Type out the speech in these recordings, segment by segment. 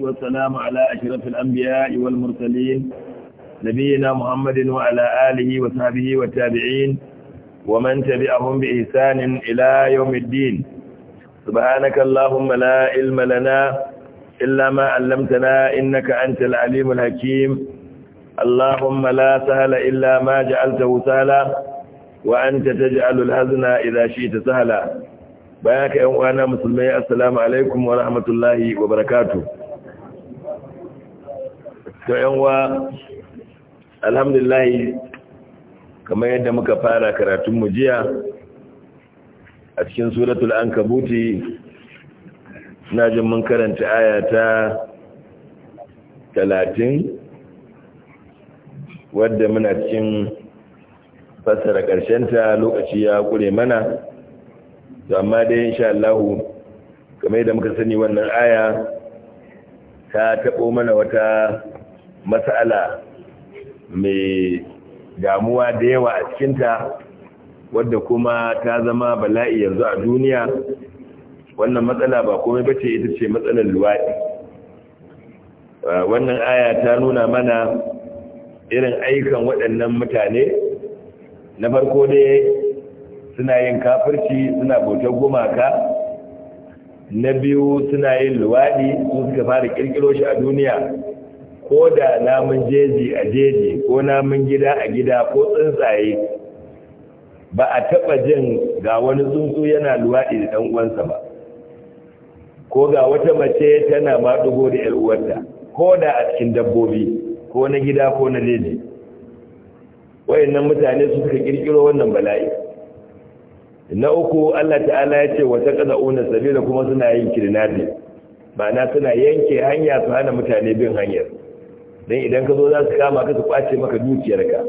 والسلام على أشرف الأنبياء والمرسلين نبينا محمد وعلى آله وصحبه والتابعين ومن تبعهم بإحسان إلى يوم الدين سبحانك اللهم لا علم لنا إلا ما علمتنا إنك أنت العليم الحكيم اللهم لا سهل إلا ما جعلته سهلا وأنت تجعل الهزن إذا شئت سهلا بياك يا أخوانا مسلمين السلام عليكم ورحمة الله وبركاته to yanwa alhamdulillah kamar yadda muka fara karatun mu jiya a cikin suratul ankabuti na jin mun karanta ayata ta 30 wadda muna cikin fassara ta lokaci ya kure mana to amma dai insha Allah kamar yadda muka sani wannan aya ta taɓo mana wata matsala mai damuwa da yawa a cikinta wadda kuma ta zama bala'i yanzu a duniya wannan matsala ba komai ba ce ita ce matsalar luwaɗi wannan aya ta nuna mana irin ayyukan waɗannan mutane na farko dai suna yin kafirci suna bautar gumaka na biyu suna yin luwaɗi su suka fara ƙirƙiro shi a duniya ko da namun jeji a jeji ko namun gida a gida ko tsuntsaye ba a taɓa jin ga wani tsuntsu yana luwaɗi da ɗan'uwansa ba ko ga wata mace tana maɗugo da ‘yar'uwarta ko da a cikin dabbobi ko na gida ko na jeji wayannan mutane suka ƙirƙiro wannan bala'i na uku Allah ta'ala ya ce wata una sabila kuma suna yin kirnadi ma'ana suna yanke hanya su hana mutane bin hanyar don idan ka zo za su kama ka su kwace maka dukiyarka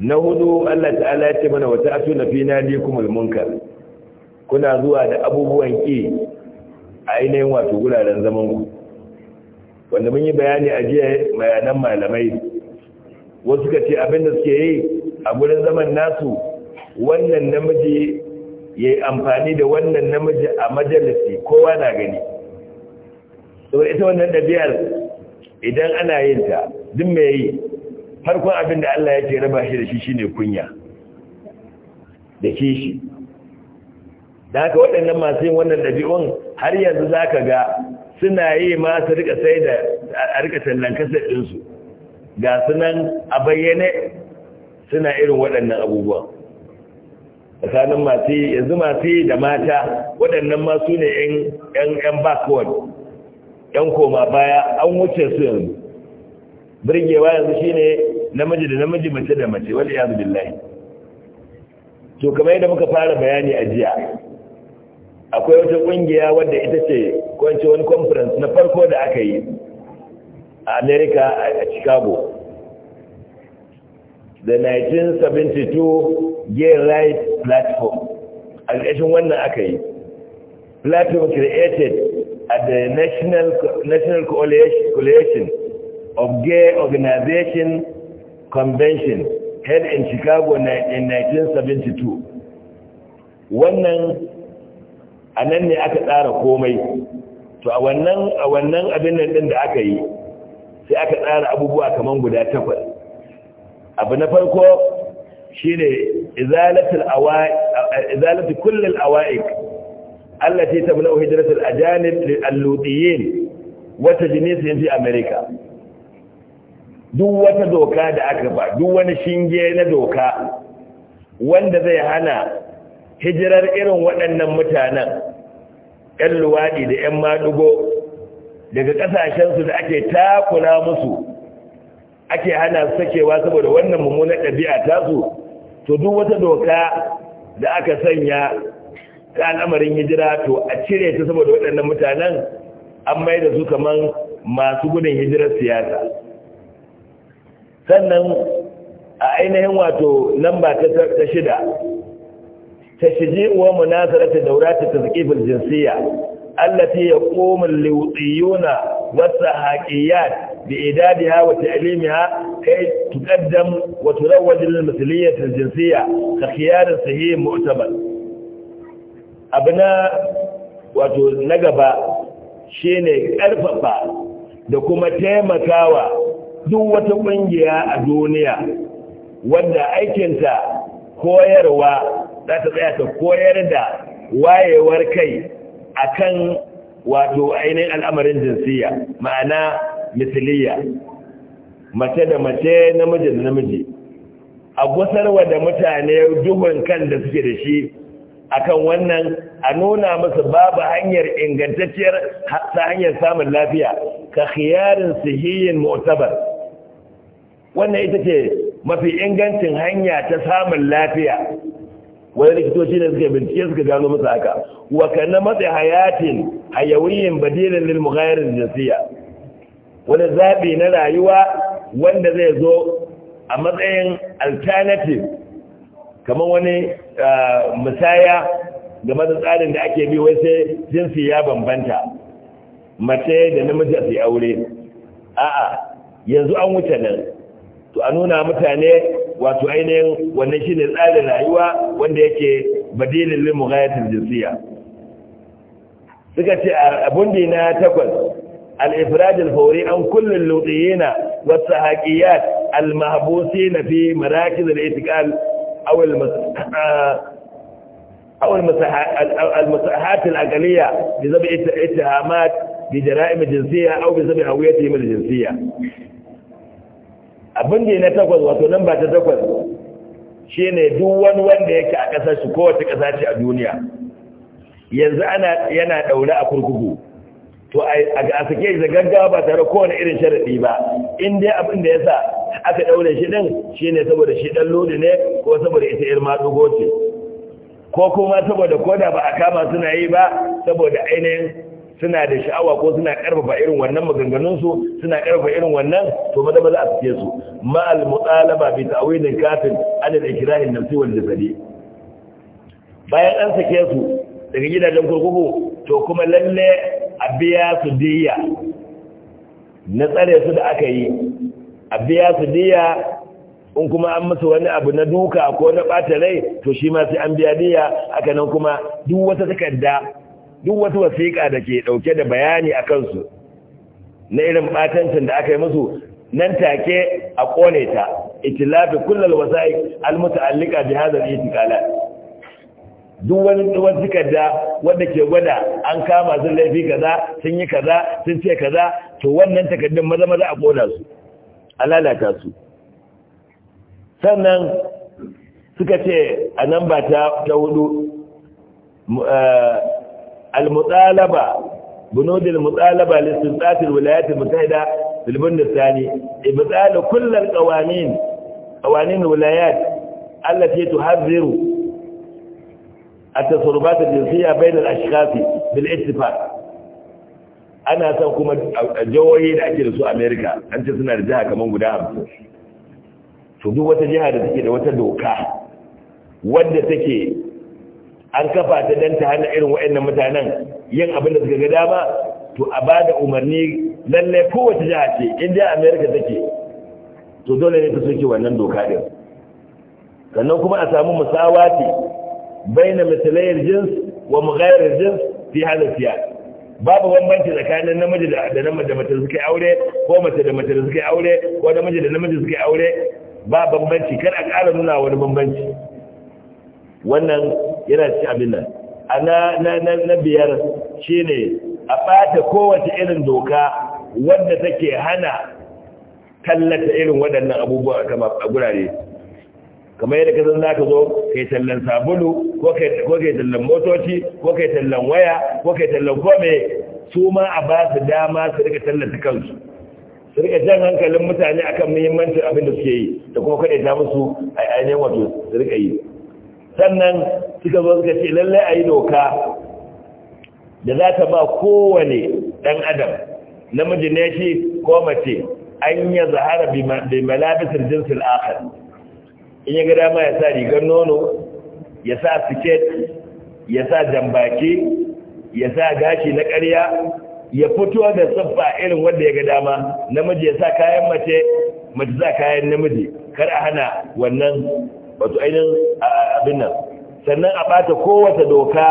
na hudu Allah ta'ala ya ce mana wata ato na fina ne kuma munkar kuna zuwa da abubuwan ki a ainihin wato guraren zaman ku wanda mun yi bayani a jiya bayanan malamai wasu ka ce abin da suke yi a gurin zaman nasu wannan namiji ya yi amfani da wannan namiji a majalisi kowa na gani saboda ita wannan ɗabi'ar idan ana yin ta duk mai yi farkon abin da Allah ya ce raba shi da shi shine kunya da kishi da haka waɗannan masu yin wannan ɗabi'un har yanzu za ka ga suna yi ma su rika sai da a rika tallan kasar ɗinsu ga sunan a bayyane suna irin waɗannan abubuwan tsakanin masu yanzu masu da mata waɗannan masu ne 'yan backward yan koma baya an wuce su yanzu birgewa yanzu shi ne namiji da namiji mace da mace wani yanzu billahi to kamar yadda muka fara bayani a jiya akwai wata kungiya wadda ita ce kwanci wani conference na farko da aka yi a America a Chicago the 1972 gay rights platform a ƙashin wannan aka yi platform created at the National, National Coalition of Gay Organization Convention held in Chicago in 1972. Wannan a nan ne aka tsara komai, to a wannan abin nan ɗin da aka yi sai aka tsara abubuwa kamar guda takwas. Abu na farko shi ne izalatul kullum awaiq allati tamna'u hijratul ajanib lil allutiyin wata jinisin fi america duk wata doka da aka ba duk wani shinge na doka wanda zai hana hijirar irin waɗannan mutanen ‘yan luwaɗi da ‘yan maɗugo daga ƙasashensu da ake takura musu ake hana su sakewa saboda wannan mummunar ɗabi'a tasu to duk wata doka da aka sanya ta al'amarin hijira to a cire ta saboda waɗannan mutanen an mai da su kamar masu gudun hijirar siyasa sannan a ainihin wato lamba ta shida ta shiji uwa munasara ta daura ta tazkifin jinsiya allati yaqumu al-liwtiyuna was-sahaqiyyat bi'idadiha wa ta'limiha kay tuqaddam wa turawwaj lil-mathliyyah al-jinsiyya ka khiyar sahih mu'tabar abu na wato na gaba shine ƙarfafa da kuma taimakawa duk wata ƙungiya a duniya wanda aikinta koyarwa za ta tsaya ta koyar da wayewar kai a kan wato ainihin al'amarin jinsiya ma'ana misiliya mace da mace namiji da namiji a gusarwa da mutane duhun kan da suke da shi akan wannan a nuna musu babu hanyar ingantacciyar ta hanyar samun lafiya ka khiyarin sihiyin mu'tabar wannan ita ce mafi ingancin hanya ta samun lafiya wani likitoci ne suka bincike suka gano musu haka wa kana matsi hayatin hayawiyin badilin lil mughayirin jinsiya wani zabi na rayuwa wanda zai zo a matsayin alternative kamar wani ah, musaya game da tsarin da ake bi wai sai jinsi ya bambanta mace da namiji su aure a'a yanzu an wuce nan to a nuna mutane wato ainihin wannan shine tsarin rayuwa wanda yake badilin lil mughayatil jinsiyya suka ce a abundi na takwas al-ifrad al-fawri an kullu al wasu was-sahaqiyat al-mahbusin fi marakiz al أو المساحات الأقلية بسبب اتهامات بجرائم الجنسية أو بسبب هويتهم الجنسية abin da takwas wato nan ba ta takwas shi ne duk wani wanda yake a ƙasar shi kowace ƙasa a duniya yanzu yana ɗaure a kurkuku to a sake shi da gaggawa ba tare kowane irin sharaɗi ba in dai abin da ya sa aka ɗaure shi ɗin shi ne saboda shi ɗan lodi ne ko saboda ita yar maɗugo ce ko kuma saboda koda ba a kama suna yi ba saboda ainihin suna da sha'awa ko suna ƙarfafa irin wannan maganganunsu suna ƙarfafa irin wannan to maza ba za a suke su ma'al mutsalaba bi ta'awilin kafin adad ikirahin nafsi wal jasadi bayan an sake su daga gidajen kurkuku to kuma lalle a biya su diya na tsare su da aka yi a biya su diya in kuma an musu wani abu na duka ko na ɓata rai to shi ma sai an biya diya aka nan kuma duk wata takarda duk wata wasiƙa da ke ɗauke da bayani a kansu na irin ɓatancin da aka yi musu nan take a ƙone ta itilafi kullal wasa'i almuta'allika bi hadhal itiqalat duk wani wani takarda wanda ke gwada an kama sun laifi kaza sun yi kaza sun ce kaza to wannan takardun maza maza a kona su a lalata su sannan suka ce a nan ba ta hudu eh, al-mutsalaba bunudil mutsalaba tsatin wilayatul mutaida bilbin da sani ibtsal kullal kullum qawanin wilayat allati tuhazziru التصرفات الجنسية بين الأشخاص بالاتفاق ana son kuma jihohi da ake da su amerika an ce suna da jiha kamar guda hamsin to duk wata jiha da take da wata doka wadda take an kafa ta danta hana irin waɗannan mutanen yin abin da suka ga dama to a ba da umarni lallai kowace jiha ce in jiha amerika take to dole ne ta soke wannan doka din sannan kuma a samu musawa ce baina مثلي jins wa الجنس jins هذا السياق babu bambanci tsakanin namiji da namiji da mace aure ko mace da mace suke aure ko namiji da namiji suke aure ba bambanci kar a ƙara nuna wani bambanci wannan yana cikin abin nan na biyar shine a ɓata kowace irin doka wadda take hana tallata irin waɗannan abubuwa a gurare kamar yadda ka zanna za ka zo kai tallan sabulu ko kai tallan motoci ko kai tallan waya ko kai tallan kome su ma a ba su dama su rika tallata kansu su rika jan hankalin mutane akan muhimmancin abin da suke yi da kuma kaɗai ta musu a ainihin wato su rika yi sannan suka zo suka ce lallai a yi doka da za ta ba kowane ɗan adam namiji ne shi ko mace an yi zahara bi malabisin jinsin akhar in ya ga dama ya sa rigar nono ya sa siket ya sa jambaki ya sa gashi na ƙarya ya fito da tsaffa irin wanda ya ga dama namiji ya sa kayan mace mace za kayan namiji kar a hana wannan wato ainihin abin nan sannan a bata kowace doka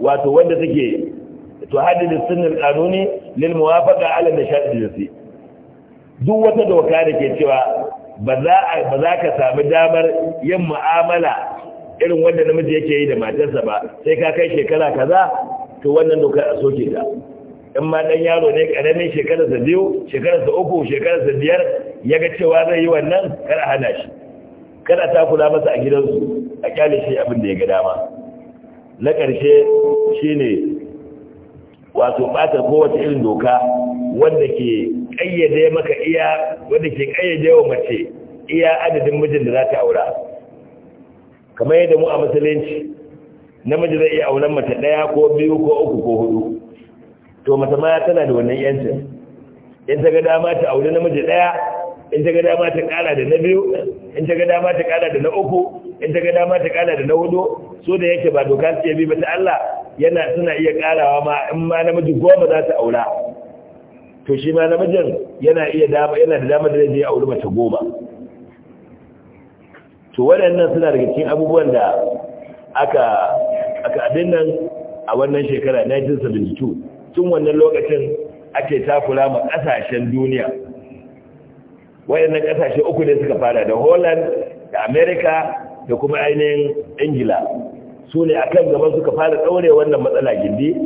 wato wanda take tuhaddid sunnal kanuni lil muwafaqa ala nashad jinsi duk wata doka da ke cewa ba za ka sami damar yin mu'amala irin wanda namiji yake yi da matarsa ba sai ka kai shekara kaza to wannan dokar a soke ta in ma dan yaro ne karamin shekararsa biyu shekararsa uku shekararsa biyar ya ga cewa zai yi wannan kar a hana shi kada ta kula masa a gidansu a kyale shi abin da ya ga dama na ƙarshe shine wato ɓatar kowace irin doka wanda ke ƙayyade maka iya wadda ke ƙayyade wa mace iya adadin mijin da za ta aura kamar yadda mu a musulunci namiji zai iya auren mace ɗaya ko biyu ko uku ko hudu to mata ma tana da wannan yancin in ta ga dama ta aure namiji ɗaya in ta ga dama ta ƙara da na biyu in ta ga dama ta ƙara da na uku in ta ga dama ta ƙara da na hudu so da yake ba doka su bi ba ta Allah yana suna iya ƙarawa ma in ma namiji goma za ta aura to shi ma namijin yana iya dama yana da dama da zai auri mace goma to waɗannan suna daga cikin abubuwan da aka aka abin nan a wannan shekara 1972 tun wannan lokacin ake takula ma ƙasashen duniya waɗannan ƙasashe uku ne suka fara da holland da america da kuma ainihin ingila su ne akan gaban suka fara ɗaure wannan matsala gindi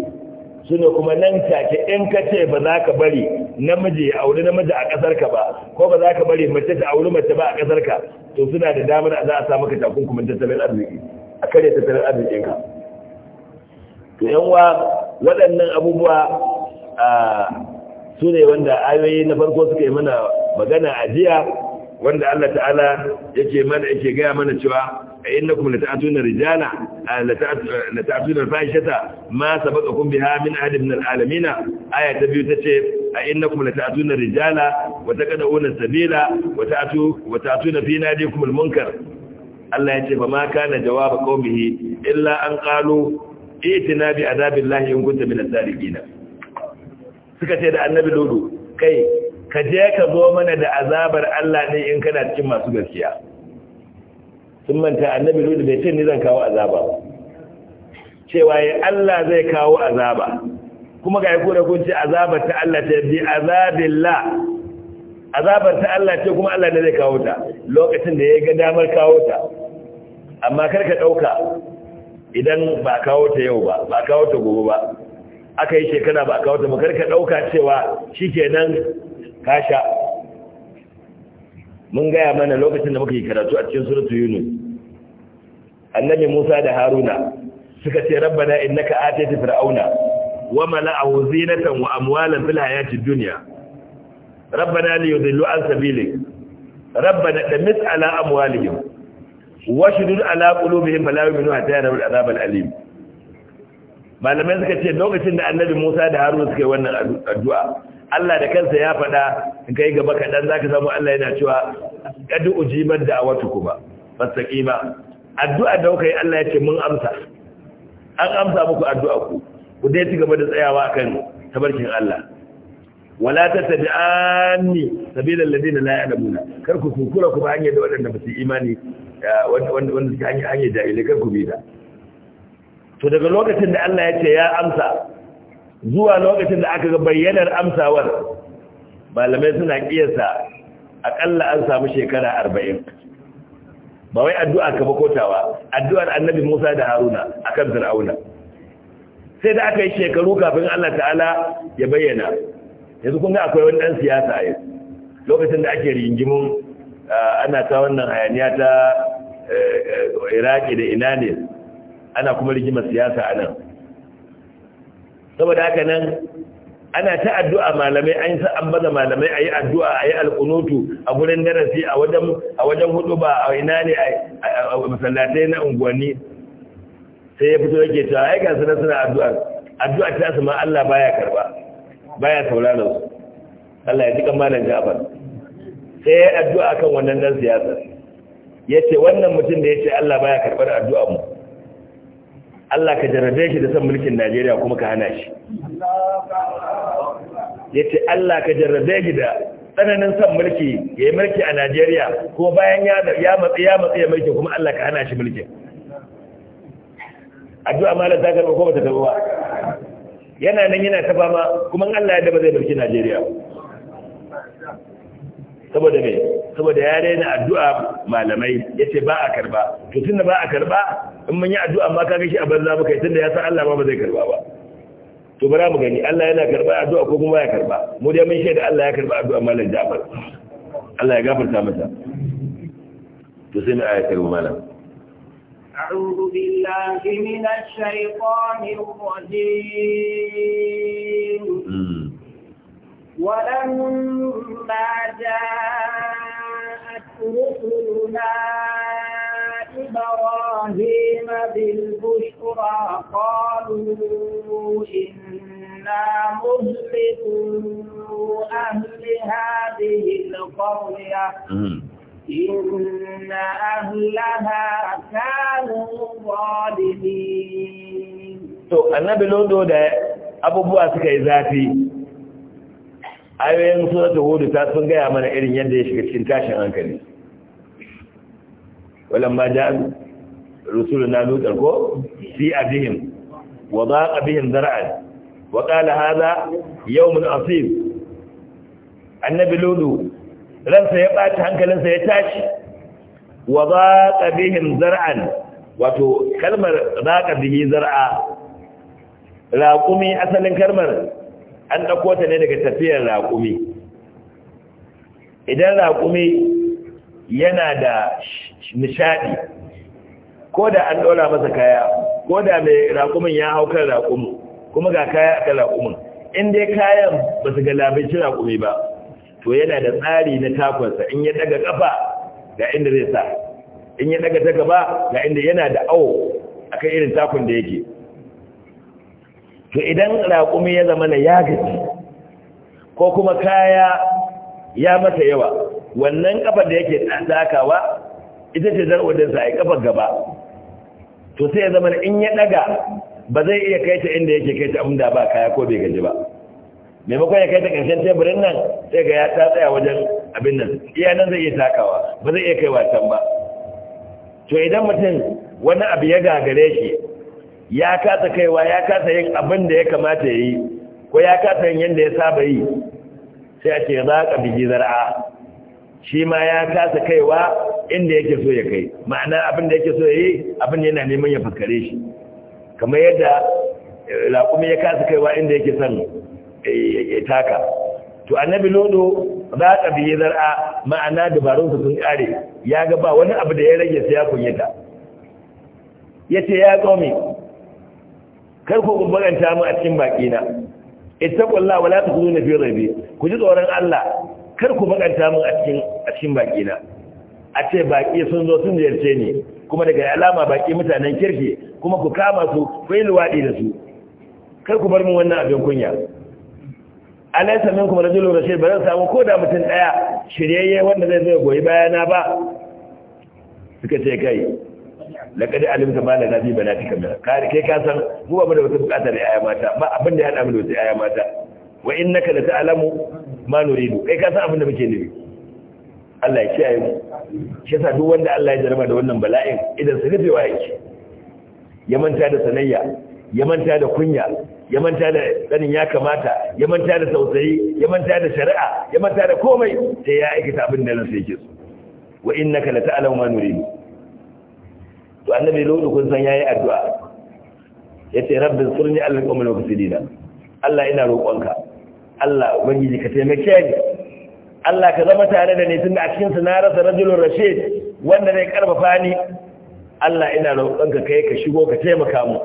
su kuma nan take in ka ce ba za ka bari namiji ya auri namiji a ƙasarka ba ko ba za ka bari mace ta auri mace ba a ƙasarka to suna da damar za a samu ka takunkumin tattalin arziki a kare tattalin arzikinka to yanwa waɗannan abubuwa su ne wanda ayoyi na farko suka yi mana magana a jiya wanda Allah ta'ala yake mana yake gaya mana cewa innakum lata'tuna rijala lata'tuna fahishata ma sabaqakum biha min ahli min alamin aya ta biyu tace a innakum lata'tuna rijala wa taqaduna sabila wa ta'tu wa ta'tuna fi nadikum Allah yace fa ma kana jawab qawmihi illa an qalu itina bi adabillahi in kunta min al-sadiqina suka ce da annabi dudu kai ka je ka zo mana da azabar Allah ne in kana cikin masu gaskiya sun manta annabi lodi bai ce ni zan kawo azaba ba cewa ya Allah zai kawo azaba kuma ga yako da kunci azabar ta Allah ta bi azabilla. azabar ta Allah ce kuma Allah ne zai kawo ta lokacin da ya ga damar kawo ta amma kar ka dauka idan ba kawo ta yau ba ba kawo ta gobe ba aka yi shekara ba kawo ta ba kar ka dauka cewa shikenan kasha mun gaya mana lokacin da muka yi karatu a cikin suratul yunus annabi musa da haruna suka ce rabbana innaka atayta fir'auna wa mala'ahu zinatan wa amwalan fil hayatid dunya rabbana liyudillu an sabilik rabbana damis ala amwalihim washdud ala qulubihim fala yu'minu hatta yarawul adhab al-alim malamai suka ce lokacin da annabi Musa da Haruna suka yi wannan addu'a Allah da kansa ya faɗa in kai gaba kaɗan za ka samu Allah yana cewa ƙadu ujiman da a ba, kuma fastaƙi ba addu'a da kai Allah ya ce mun amsa an amsa muku addu'a ku ku dai ci gaba da tsayawa kan tabarkin Allah wala ta ni sabila sabilan ladina la ya'lamuna kar ku kukura ku hanya da waɗanda ba su imani eh, wanda wanda hanyar hanya hanya jahilai kar ku bi da to daga lokacin da Allah ya ce ya amsa zuwa lokacin da aka ga bayyanar amsawar malamai suna kiyasa akalla an samu shekara arba'in ba wai addu'a ka kotawa. addu'ar annabi musa da haruna a kan fir'auna sai da aka yi shekaru kafin allah ta'ala ya bayyana yanzu kun ga akwai wani ɗan siyasa a lokacin da ake rigimin ana ta wannan hayaniya ta eh, eh, iraki da ina ne ana kuma rigimar siyasa a nan saboda haka nan ana ta addu'a malamai an sa an baza malamai ayi addu'a ayi alqunutu a gurin darasi a wajen a wajen a ina ne a masallatai na unguwanni sai ya fito yake cewa ai ga sunan suna addu'a addu'a ta su ma Allah baya karba baya sauraron su Allah ya jika malam Jafar sai ya addu'a kan wannan dan siyasa yace wannan mutum da yace Allah baya karbar addu'a mu Allah ka jarabe shi da son mulkin Najeriya kuma ka hana shi Ya ce Allah ka jarabe shi da tsananin son mulki ya yi mulki a Najeriya ko bayan ya matsi ya matsi ya mulki kuma Allah ka hana shi mulkin addu'a malam ta karɓa ko ba ta karɓa yana nan yana ta fama kuma Allah ya daba zai mulki Najeriya saboda me saboda ya daina addu'a malamai ya ce ba a karba to da ba a karba in mun yi addu'a ma kaga shi a banza muka yi tunda ya san Allah ma ba zai karba ba to bara mu gani Allah yana karba addu'a ko kuma ya karba mu dai mun shaida Allah ya karba addu'a malam Jafar Allah ya gafarta masa to sai mu ayata ga malam أعوذ بالله من الشيطان الرجيم ولما جاءت رسلنا إبراهيم بالبشرى قالوا إنا مهلكوا أهل هذه القرية إن أهلها كانوا ظالمين to annabi lodo da abubuwa suka yi zafi ayoyin suratul hud ta sun gaya mana irin yadda ya shiga cikin tashin hankali ولما جاء رسولنا لوط الكو في أبيهم وضاق بهم ذرعا وقال هذا يوم عصيب annabi lulu ransa ya ɓata hankalinsa ya tashi wa za bihim zar'an wato kalmar za bihi zar'a raƙumi asalin kalmar an ɗauko ta ne daga tafiyar raƙumi idan raƙumi yana da nishadi ko da an ɗora masa kaya ko da mai raƙumin ya hau kan raƙumin kuma ga kaya a raƙumin in dai kayan ba su ga labarci raƙumi ba to yana da tsari na takonsa in ya daga ƙafa ga inda zai sa in ya daga ta gaba ga inda yana da awo a kan irin takon da yake to idan raƙumi ya zama na ya gaji ko kuma kaya ya masa yawa wannan ƙafar da yake takawa ita ce zarwadinsa a kafa gaba to sai ya zama in ya daga ba zai iya kai ta inda yake kai ta inda ba kaya ko bai gaji ba maimakon ya kai ta ƙarshen teburin nan sai ga ya ta tsaya wajen abin nan iya nan zai iya takawa ba zai iya kai wasan ba to idan mutum wani abu ya gagare shi ya kasa kaiwa ya kasa yin abin da ya kamata ya yi ko ya kasa yin yadda ya saba yi sai a ce za ka bigi zar'a shi ma ya kasa kaiwa inda yake so ya kai ma'ana abin da yake so ya yi abin yana neman ya fakare shi kamar yadda laƙumi eh, ya kasa kaiwa inda yake son eh, ya taka to annabi lodo za ka yi zar'a ma'ana dabarunsa sun ƙare ya ga ba wani abu da ya rage sai ya kunyata ya ce ya tsomi. kar ku kumbaranta mu a cikin baƙina ita ƙulla wala ta kuzo na fi rabe ku ji tsoron allah kar ku bakanta min a cikin baki na a ce baki sun zo sun ziyarce ni kuma daga alama baki mutanen kirki kuma ku kama su ku yi luwaɗi da su kar ku bar min wannan abin kunya alaisa min kuma rajulu rashid ba zan samu ko da mutum ɗaya shiryayye wanda zai zai goyi bayana ba suka ce kai laƙari alimta ma na nabi ba na fi kamar kai ka san mu ba mu da wata buƙatar yaya mata ba abin da ya haɗa mu da wata yaya mata wa in naka da ta alamu ma nuridu kai ka san abin da muke nufi Allah ya kiyaye mu shi yasa duk wanda Allah ya jarraba da wannan bala'in idan su waye shi ya manta da sanayya ya manta da kunya ya manta da sanin ya kamata ya manta da tausayi ya manta da shari'a ya manta da komai sai ya aikata abin da ransa yake so wa innaka la ta'lamu ma nuridu to annabi lulu kun san yayi addu'a yace rabbi surni alal qawmil mufsidina Allah ina roƙonka Allah ubangiji ka taimake ni Allah ka zama tare da ni tunda a cikin su na rasa rajulun rashid wanda zai karfafa ni Allah ina ka kai ka shigo ka taimaka mu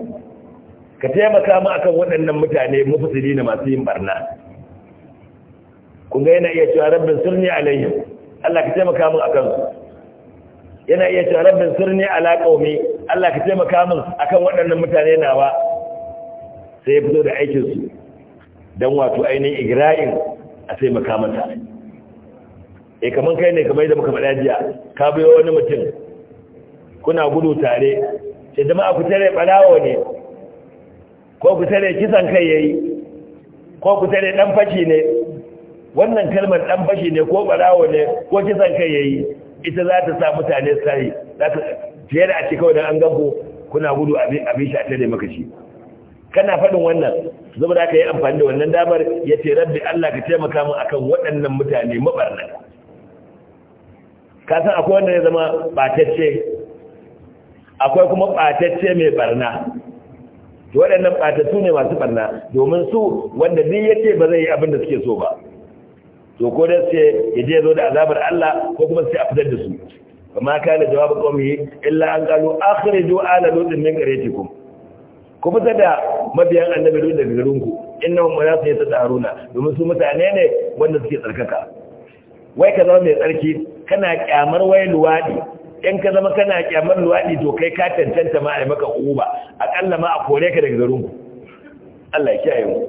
ka taimaka mu akan waɗannan mutane mufsidi na masu yin barna kun ga yana iya cewa rabbin sirni alaihim Allah ka taimaka mu akan su yana iya cewa rabbin sirni ala qaumi Allah ka taimaka mu akan waɗannan mutane nawa sai ya fito da aikin su don wato ainihin igra'in a sai mata e eh, kamar kai ne kamar yadda muka faɗa jiya ka biyo wani mutum kuna gudu tare sai jama'a ku tare ɓarawo ne ko ku tare kisan kai yayi ko ku tare ɗan fashi ne wannan kalmar ɗan fashi ne ko ɓarawo ne ko kisan kai yayi ita za ta sa mutane sai za ta fiye da a cikin an gabu kuna gudu abin shi a tare maka shi kana faɗin wannan zama da aka yi amfani da wannan damar ya ce rabbi Allah ka taimaka mu akan waɗannan mutane Ka san akwai wanda ya zama ɓatacce akwai kuma ɓatacce mai barna waɗannan ɓatattu ne masu barna domin su wanda duk ya ba zai yi abin da suke so ba to ko da suke ya je zo da azabar Allah ko kuma sai a fitar da su amma kana jawabu qawmi illa an qalu akhriju ala lutin min qaryatikum ku fitar da mabiyan annabi duk daga garin ku innahum wala su yatadaruna domin su mutane ne wanda suke tsarkaka wai ka zama mai tsarki kana kyamar wai luwadi in ka zama kana kyamar luwadi to kai ka tantanta ma a maka uba akalla ma a kore ka daga garin ku Allah ya kiyaye mu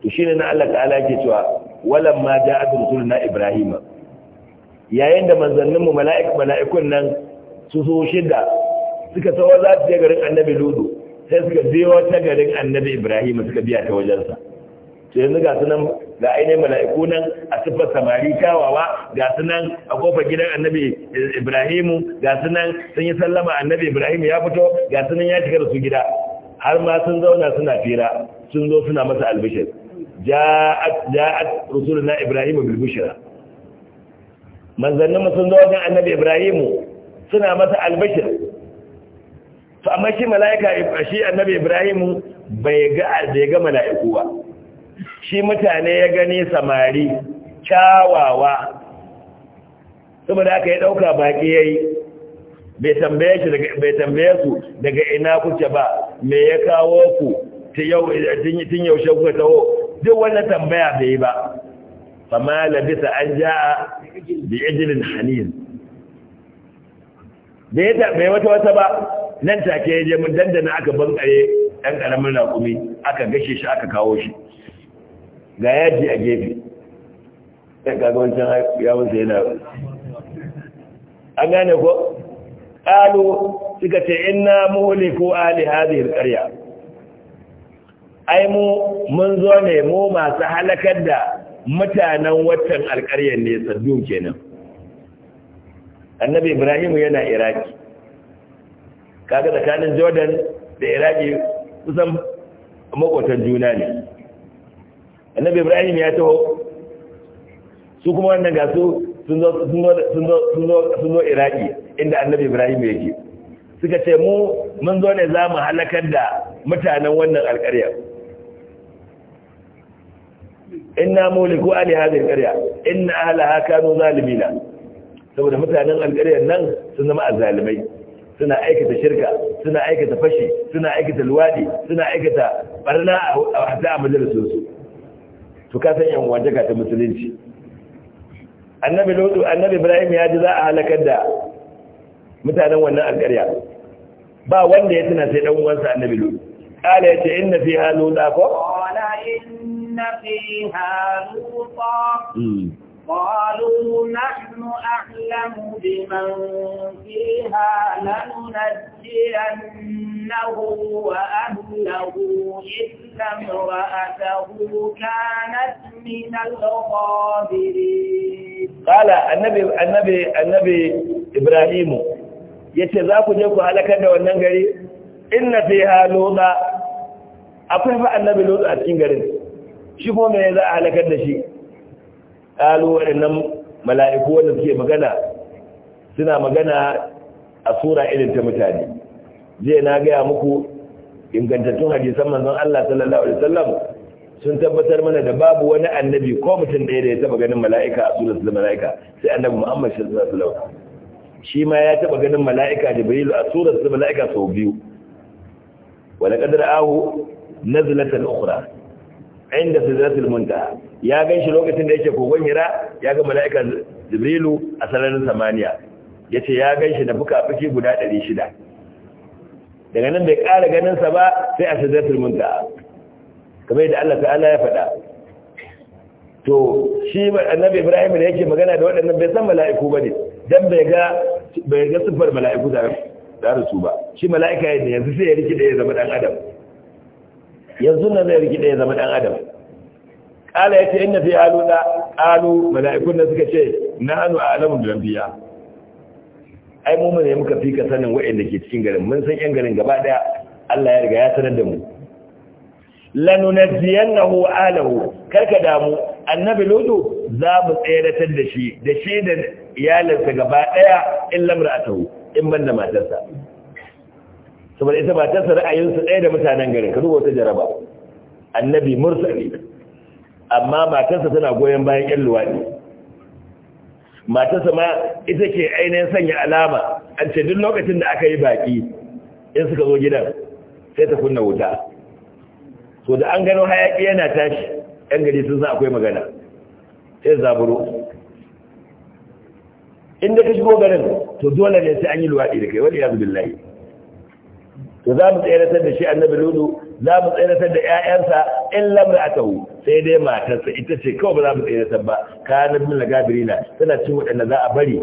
to shine na Allah ta'ala yake cewa Walam ma ja'at rusuluna ibrahima yayin da manzanninmu mala'ikun nan su so shida suka tawo za su je garin annabi ludu sai suka biyo ta garin annabi ibrahim suka biya ta wajensa sai yanzu ga sunan ga ainihin mala'iku nan a siffar samari kyawawa ga sunan a kofar gidan annabi ibrahimu ga sunan sun yi sallama annabi ibrahim ya fito ga sunan ya shiga da su gida har ma sun zauna suna fira sun zo suna masa albishir ja'at ja'at rusuluna ibrahim bil bushra manzannin sun zo wajen annabi ibrahimu suna masa albishir to amma shi mala'ika shi annabi Ibrahim, bai ga ga mala'iku ba shi mutane ya gani samari kyawawa saboda aka yi dauka baki yayi bai tambaye bai tambaye su daga ina kuke ba me ya kawo ku tun yaushe kuka taho duk wannan tambaya bai ba fama labisa an ja'a bi ijlin hanin da ya bai wata wata ba nan take ya je mun dandana aka bankare ɗan ƙaramin raƙumi aka gashe shi aka kawo shi ga yaji a gefe ya kaga wancan yawon sai yana an gane ko ƙalu suka ce muhuli ko ali hazihir ƙarya ai mu mun zo ne mu masu halakar da mutanen watan alƙaryar ne saddun kenan annabi ibrahim yana iraki kaga tsakanin jordan da iraki kusan makwatan juna ne annabi ibrahim ya taho su kuma wannan gasu sun zo iraki inda annabi ibrahim yake suka ce mu mun zo ne za mu halakar da mutanen wannan alkarya inna muliku ali hadhihi alqarya inna ahlaha kanu zalimina saboda mutanen alƙaryar nan sun zama azalimai suna aikata shirka suna aikata fashi suna aikata luwaɗi, suna aikata barna a hata a majalisunsu to ka san yan waje ta musulunci annabi lodu annabi ibrahim ya ji za a halakar da mutanen wannan alƙarya ba wanda ya tuna sai ɗan uwansa annabi lodu قال إن فيها لوطا fi إن فيها لوطا قالوا نحن أعلم بمن فيها لننجينه وأهله إلا امرأته كانت من الغابرين قال النبي النبي النبي إبراهيم yace za ku je ku halakar da wannan gari inna fiha lutsa akwai fa annabi lutsa a cikin garin shi ko me za a halakar da shi ƙalo waɗannan mala'iku wanda suke magana suna magana a sura irin ta mutane zai na gaya muku ingantattun hadisan manzon Allah sallallahu alaihi wasallam sun tabbatar mana da babu wani annabi ko mutum ɗaya da ya taɓa ganin mala'ika a sunan da mala'ika sai annabi Muhammad sallallahu alaihi wasallam shi ma ya taɓa ganin mala'ika da Jibril a sunan da mala'ika sau biyu wala qadra ahu nazlatan ukhra inda sidratil muntaha ya gan shi lokacin da yake kogon hira ya ga mala’ikan zibrilu a sararin samaniya ya ce ya gan shi da buka fuki guda 600 daga nan bai ƙara ganinsa ba sai a sidartar munta kamar yadda allah ta'ala ya faɗa to shi annabi ibrahim da yake magana da waɗannan bai san mala'iku ba ne don bai ga siffar mala'iku da rasu ba shi mala'ika yanzu sai ya rikide ya zama ɗan adam yanzu nan zai rikide ya zama ɗan adam ƙala ya ce inna fi haluna ƙalu mala'ikun da suka ce na hannu a alamun biya. ai mu ne muka fi ka sanin waɗanda ke cikin garin mun san yan garin gaba daya Allah ya riga ya sanar da mu lanunajjiyannahu alahu karka damu annabi lutu za mu tseratar da shi da shi da iyalinsa gaba daya in lamra'atahu in ban da matarsa saboda ita matarsa ra'ayinsu ɗaya da mutanen garin ka duba wata jaraba annabi mursali amma matarsa tana goyon bayan yan luwaɗi matarsa ma ita ke ainihin sanya alama an ce duk lokacin da aka yi baƙi in suka zo gidan sai ta kunna wuta so da an gano hayaƙi yana tashi yan gari sun san akwai magana sai zaburo inda ka shigo garin to dole ne sai an yi luwaɗi da kai wani yanzu billahi to za mu tseratar da shi annabi ludu za mu tseratar da ƴaƴansa in lamra atahu sai dai matarsa ita ce kawai ba za mu tseratar ba kana bin lagabirina tana cin waɗanda za a bari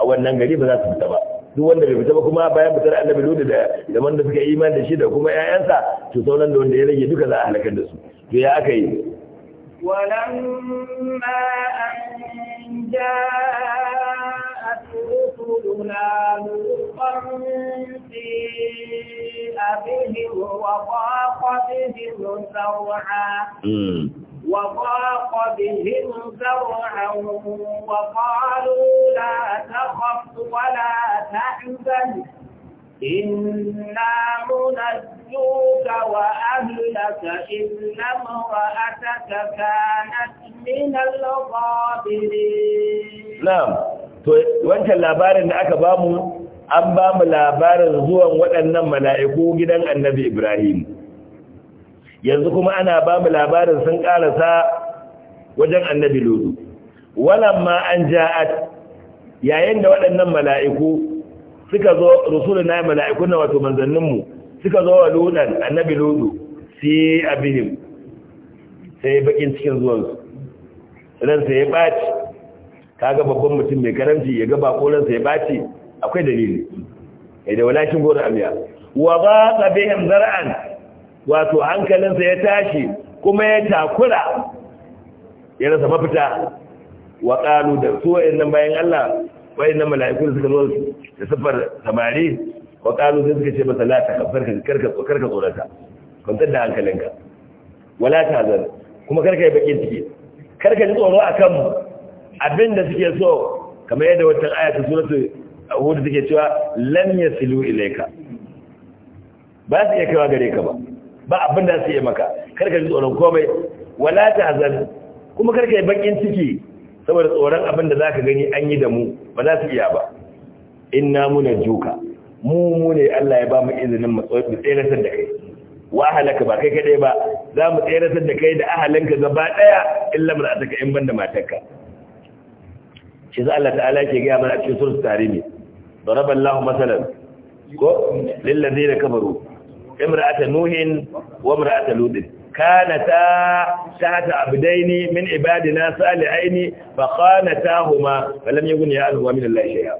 a wannan gari ba za su fita ba duk wanda bai fita ba kuma bayan fitar annabi ludu da da wanda suka imani da shi da kuma ƴaƴansa to sauran da wanda ya rage duka za a halakar da su to ya aka yi ولما أن جاءت رسلنا بهم وضاق بهم ذرعا وضاق بهم ذرعا وقالوا لا تخف ولا تحزن إنا منجوك وأهلك إلا امرأتك كانت من الغابرين نعم وانت labarin da aka bamu an ba mu labarin zuwan waɗannan mala'iku gidan annabi Ibrahim yanzu kuma ana ba mu labarin sun ƙarasa wajen annabi Walan ma an ja'at yayin da waɗannan mala'iku suka zo rusulun na mala'iku na wato manzanninmu suka zo wa lunan annabi Lutu sai abinim, sai bakin cikin zuwansu ransa ya ɓaci kaga babban mutum mai karamci ya ga bako ransa ya ɓaci akwai dalili eh da walakin gora amiya wa ta bihim zar'an wato hankalinsa ya tashi kuma ya takura ya rasa mafita wa qalu da su wayannan bayan Allah wayannan mala'ikun suka zo da sifar samari wa qalu sai suka ce masa la ta karka karka karka tsorata kwantar da hankalinka wala ta hazar kuma karka yi bakin ciki karka ji tsoro akan abinda suke so kamar yadda wata ayatu suratul hudu take cewa lam yasilu ilayka ba su iya kaiwa gare ka ba ba abin da su yi maka karka ji tsoron komai wala ta hazan kuma karka yi bakin ciki saboda tsoron abin da zaka gani an yi da mu ba za su iya ba inna muna juka mu mu ne Allah ya ba mu izinin mu tsayar da kai wa ahalaka ba kai kadai ba za mu tsayar da kai da ahalanka gaba daya illa mar'ataka in banda matarka shi za Allah ta'ala ke gaya mana a cikin surat tarimi daraba Allah masalan ko lil ladina kafaru imra'atu nuhin wa imra'atu lut kanata tahta abdaini min ibadina salihaini fa khanatahuma falam yughni anhu min Allah shay'a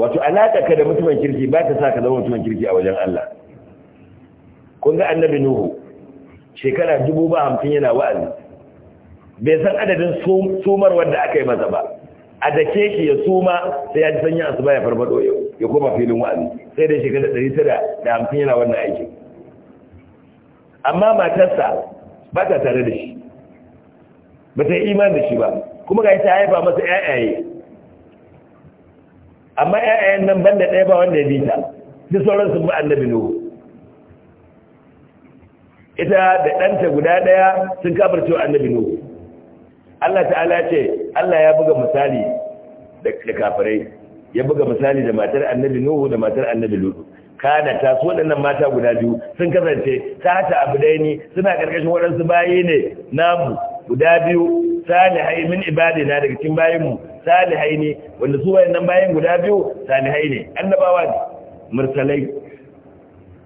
wato alaka ka da mutumin kirki ba ta ka zama mutumin kirki a wajen Allah kun ga annabi nuhu shekara hamsin yana wa'azi bai san adadin sumar wanda aka yi masa ba a dake keke ya suma sai ya ji sanyin asuba ya farfado ya koma filin wa'azi sai dai shekara ɗari tara da hamsin yana wannan aikin amma matarsa ba ta tare da shi ba ta yi iman da shi ba kuma ga ta haifa masa 'ya'yaye. amma yayayen nan da ɗaya ba wanda ya bi ta duk sauran sun bi annabi nuhu ita da ɗanta guda ɗaya sun kafar cewa annabi nuhu Allah ta'ala ce Allah ya buga misali da kafirai ya buga misali da matar annabi Nuhu da matar annabi Lutu kana ta su waɗannan mata guda biyu sun kasance ta ta abu dai ni, suna karkashin waɗansu bayi ne namu guda biyu salihai min na daga cikin bayinmu salihai ne wanda su waɗannan bayin guda biyu salihai ne annabawa ne mursalai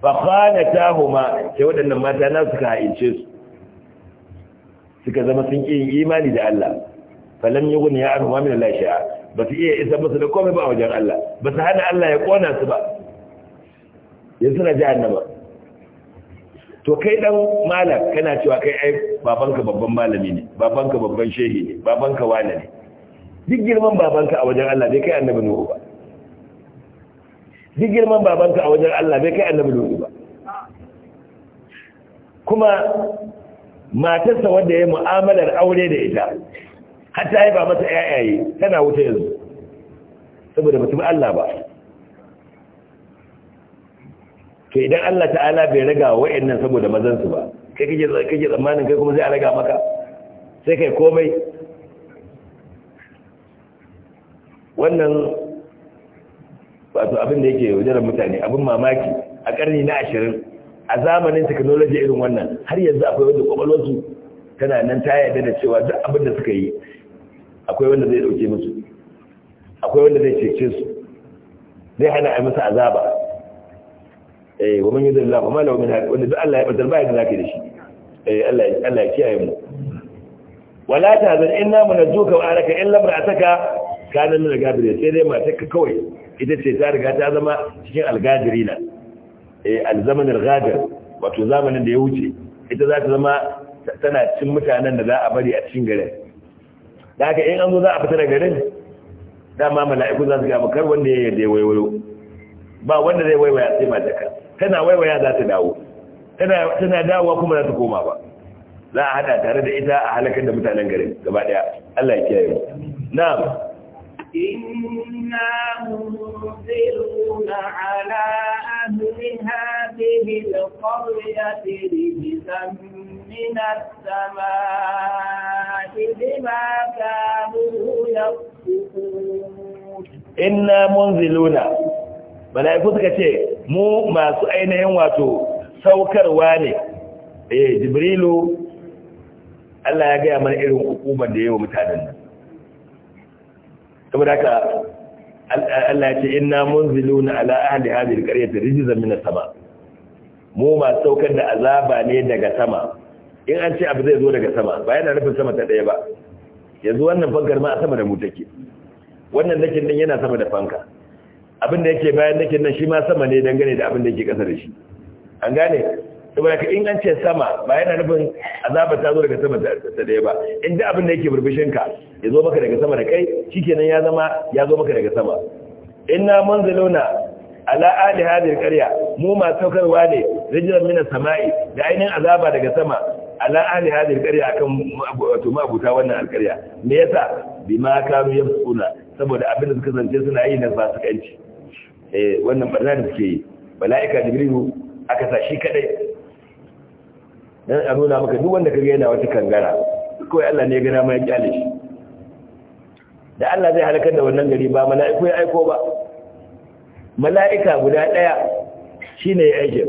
fa khanatahuma sai waɗannan mata na suka ha'ince su suka zama sun ƙi imani da Allah falam yugun ya an wa min Allah shi'a ba su iya isa musu da komai ba a wajen Allah ba su hana Allah ya kona su ba suna ji annaba to kai dan malam kana cewa kai ai babanka babban malami ne babanka babban shehi ne babanka wani ne duk girman babanka a wajen Allah bai kai annabi nuhu ba duk girman babanka a wajen Allah bai kai annabi nuhu ba kuma matarsa wanda ya mu'amalar aure da ita har ta ba masa yayaye tana wuta yanzu saboda mutum Allah ba to idan Allah ta'ala bai raga wa'annan saboda mazan su ba kai kake kake tsammanin kai kuma sai a raga maka sai kai komai wannan wato abin da yake wajen mutane abin mamaki a karni na ashirin a zamanin technology irin wannan har yanzu akwai wanda kwakwalwarsu tana nan ta yarda da cewa duk abin da suka yi akwai wanda zai dauke musu akwai wanda zai cece su zai hana a musu azaba eh wa man yudilla fa ma lahu min wanda duk Allah ya badar ba ya zaki da shi eh Allah Allah ya kiyaye mu wala ta zan inna munajjuka wa alaka illa mar'ataka kana min al-gabiri sai dai ka kawai ita ce ta riga ta zama cikin al-gadirina Eh, alzaman al-ghadar wato zamanin da ya wuce ita za ta zama tana cin mutanen da za a bari a cin garin da haka in an zo za a fita da garin dama mala'iku za su ga bakar wanda ya yarda ya waiwayo ba wanda zai waiwaya sai mataka tana waiwaya za ta dawo tana dawowa kuma za ta koma ba za a hada tare da ita a halakar da mutanen garin gaba daya Allah ya kiyaye mu na'am إنا منزلون على أهل هذه القرية رجزا من السماء بما كانوا يصفون إنا منزلون mala'iku suka ce mu masu ainihin wato saukarwa ne eh jibrilu Allah ya gaya mana irin hukumar da yawa mutanen nan saboda haka Allah ya ce inna munziluna ala ahli hadhihi alqaryati rijzan min as-sama mu ma saukar da azaba ne daga sama in an ce abu zai zo daga sama ba yana nufin sama ta daya ba yanzu wannan fankar ma a sama da mu take wannan nakin din yana sama da fanka abin da yake bayan nakin nan shi ma sama ne dangane da abin da yake kasa da shi an gane saboda ka in an sama ba yana nufin azaba ta zo daga sama ta daya ba in abin da yake burbushin ka ya zo maka daga sama da kai shikenan ya zama ya zo maka daga sama inna manzaluna ala ali hadir qarya mu ma saukarwa ne rijal min samai da ainin azaba daga sama ala ali hadir qarya akan wato abuta wannan alqarya me yasa bima kanu yafsuna saboda abin da suka zance suna yi na fasikanci eh wannan barna da suke yi mala'ika jibrilu aka sa shi kadai dan a nuna maka duk wanda kaga yana wata kangara kawai Allah ne ya gina ma ya kyale shi da Allah zai halakar da wannan gari ba mala'iku ya aiko ba mala'ika guda daya shine ya aike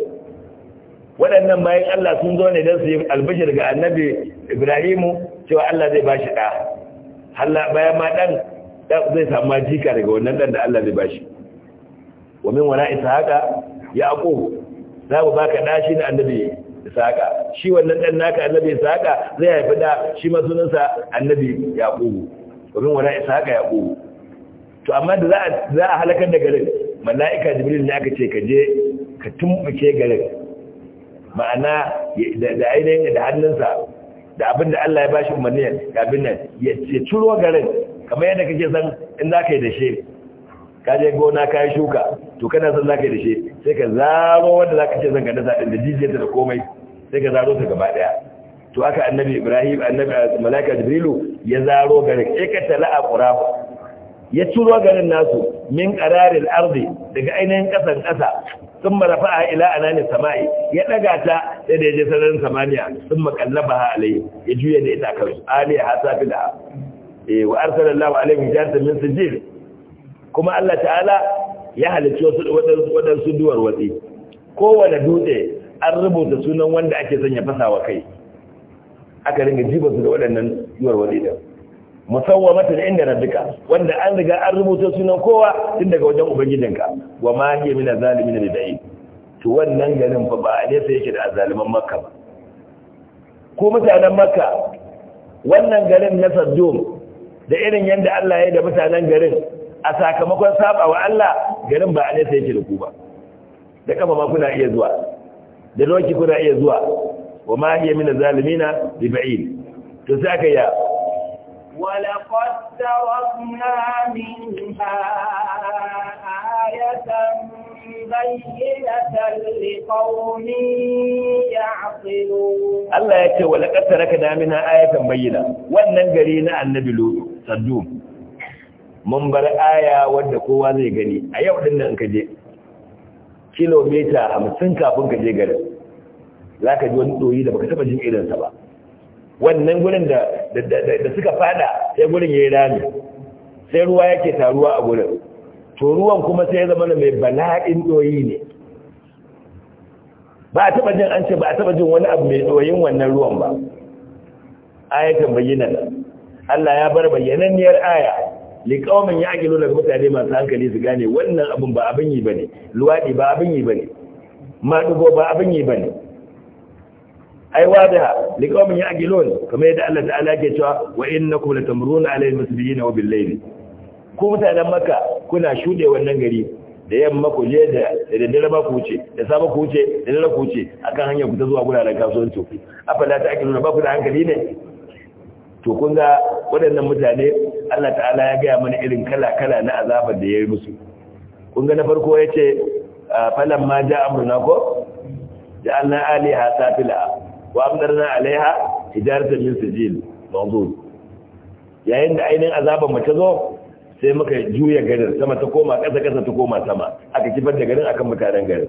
waɗannan bayan Allah sun zo ne don su yi albishir ga annabi Ibrahimu cewa Allah zai bashi ɗa bayan ma ɗan zai samu jika daga wannan ɗan da Allah zai bashi wa min wara isa haka ya ako za mu baka ɗa shi na annabi isaka shi wannan dan naka annabi isaka zai haifi da shi ma sunansa annabi yaqubu domin wala isaka yaqubu to amma da za a za halakar da garin mala'ika jibril ne aka ce ka je ka tumbuke garin ma'ana da ainihin da hannunsa da abin da Allah ya bashi umarni ya abin nan ya ciro garin kamar yadda kake san in za ka yi da shi ka je gona ka yi shuka to kana san zaka yi da shi sai ka zaro wanda zaka ce zan ka dasa da jijiyarta da komai sai ka zaro ta gaba daya to aka annabi Ibrahim annabi eh, malaika Jibrilu ya zaro ka tala a qurafa ya turo garin nasu min qararil ardi daga ainihin kasan kasa sun marafa'a ila ananin sama'i ya daga ta da da je sararin samaniya sun makallabaha alai ya juya da ita kawai ali hasafida eh wa arsalallahu alaihi jaratan min sijil kuma Allah ta'ala ya halicci wasu waɗansu duwar watsi kowane dutse an rubuta sunan wanda ake son ya fasa wa kai aka ringa jiba su da waɗannan duwar watsi da musawwamatan inda rabbika wanda an riga an rubuta sunan kowa tun daga wajen ubangijinka wa ma hiya min azalimin da dai to wannan garin fa ba a nesa yake da azaliman makka ba ko mutanen makka wannan garin na saddum da irin yadda Allah ya da mutanen garin a sakamakon saba wa Allah garin ba a nesa yake da ku ba da kafa ba kuna iya zuwa da lokaci kuna iya zuwa wa ma hiya min zalimina bi ba'id to sai aka ya wala qadtawna minha ayatan Allah ya ce wa laƙasta raka damina ayatan bayyana wannan gari na annabi lulu, mun bar aya wadda kowa zai gani a yau din nan ka je kilomita hamsin kafin ka je garin za ka ji wani doyi da baka taɓa jin irinsa ba wannan gurin da da suka fada sai gurin ya yi rami sai ruwa yake taruwa a gurin to ruwan kuma sai ya zama mai bala'in doyi ne ba a taba jin an ce ba a taba jin wani abu mai doyin wannan ruwan ba ayatan bayyana Allah ya bar bayyananniyar aya ya ya'qilu daga mutane masu hankali su gane wannan abin ba abin yi bane luwaɗi ba abin yi bane maɗugo ba abin yi bane aiwa da liqaumin ya'qilun kuma yadda Allah ta'ala ke cewa wa innakum latamruna alayhi biyu wa wabin laifi. ku mutanen makka kuna shuɗe wannan gari da yamma ku je da daddare ba ku wuce da sabo ku wuce da dare ku wuce akan hanya ku ta zuwa guraren kasuwanci afala ta akilu ba ku da hankali ne to kun ga waɗannan mutane Allah ta'ala ya gaya mana irin kala-kala na azabar da ya yi musu kun ga na farko ya ce falan ma ja amurna ko ja an na aliha safila wa amdarna alaiha hijarta min sijil mawzul yayin da ainihin azabar mu ta zo sai muka juya garin sama ta koma ƙasa ƙasa ta koma sama aka kifar da garin akan mutanen garin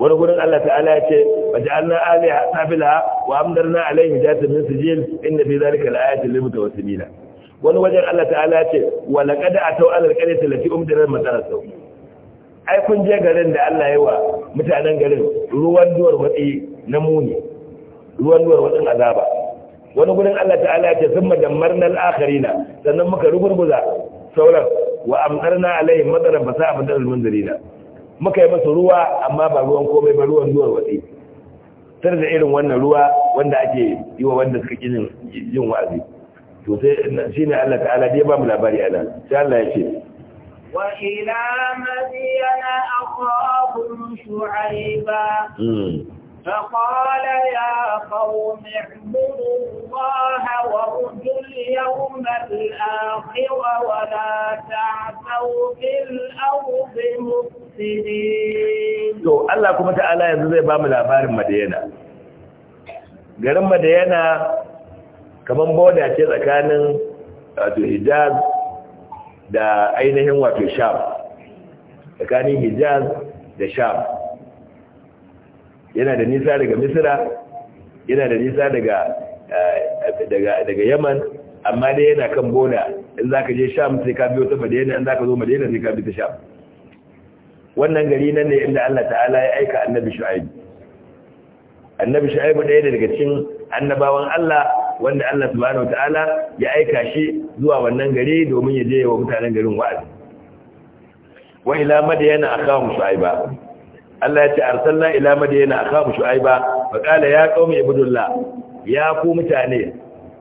wani gurin Allah ta'ala ya ce ba ji an na'ali a tsafila wa amdarna alaihi jatin min sijil inda fi zalika ta lil mila. wani wajen Allah ta'ala ce wa laqad ataw alal qaryati lati umdirat matarasau ai kun je garin da Allah ya wa mutanen garin ruwan duwar watsi na muni ruwan duwar watsin azaba wani gurin Allah ta'ala ya ce summa damarna al-akharina sannan muka rugurguza sauran wa amtarna alaihim madaran fasa'a al munzirina muka yi masa ruwa amma ba ruwan komai ba ruwan duwar watsi tar da irin wannan ruwa wanda ake yi wa wanda suka ƙi yin wa'azi to sai shine Allah ta'ala dai ba mu labari ana sai Allah ya ce wa ila madiyana aqahum shu'aiba فقال يا قوم اعبدوا الله وارجوا اليوم الآخر ولا تعثوا في الأرض مفسدين تو الله كما تعالى يزوز يبام الأبار مدينة garin madayana kamar boda ce tsakanin wato uh, hijaz da ainihin wato sham tsakanin hijaz da sham yana da nisa daga misira yana da nisa daga uh, daga yaman amma dai yana kan boda in za ka je sham sai ka biyo ta madina in za ka zo madina sai ka bi ta sham wannan gari nan ne inda Allah ta'ala ya aika annabi shu'aibu annabi shu'aibu ɗaya daga cikin annabawan Allah wanda Allah subhanahu wataala ya aika shi zuwa wannan gari domin ya je wa mutanen garin wa'azi wa ila madyana akhahu shu'aiba Allah ya ce arsalna ila madyana akhahu shu'aiba fa qala ya qaumi ibudullah ya ku mutane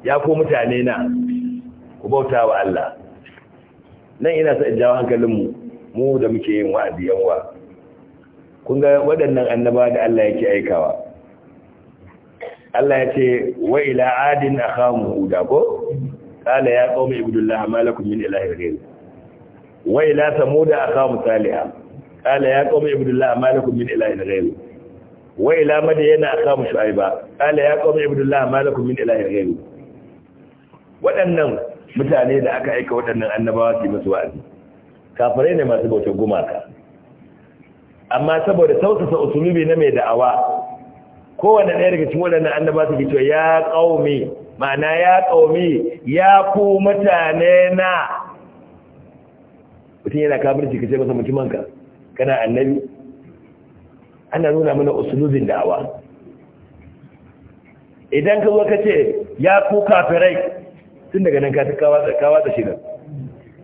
ya ku mutane na ku bauta wa Allah nan ina sa jawo hankalin mu mu da muke yin wa'azi yawa? kun ga waɗannan annaba da Allah yake aikawa Allah ya ce wa ila adin akhamu huda ko kala ya qaumi ibudullah malakum min ilahin ghayr wa ila samuda akhamu salih kala ya qaumi ibudullah malakum min ilahin ghayr wa ila madyana akhamu shuaiba kala ya qaumi ibudullah malakum min ilahin ghayr waɗannan mutane da aka aika waɗannan annabawa su musu wa'azi Kafare ne masu bautar gumaka amma saboda tausasa usulubi na mai da'awa kowanne ɗaya daga cikin waɗannan annaba su cewa ya ƙaumi ma'ana ya ƙaumi ya ku mutane na mutum yana kamar ka ce masa mutumanka kana annabi ana nuna mana usulubin da'awa idan ka zo ka ce ya ku kafirai tun daga nan ka kawa da shi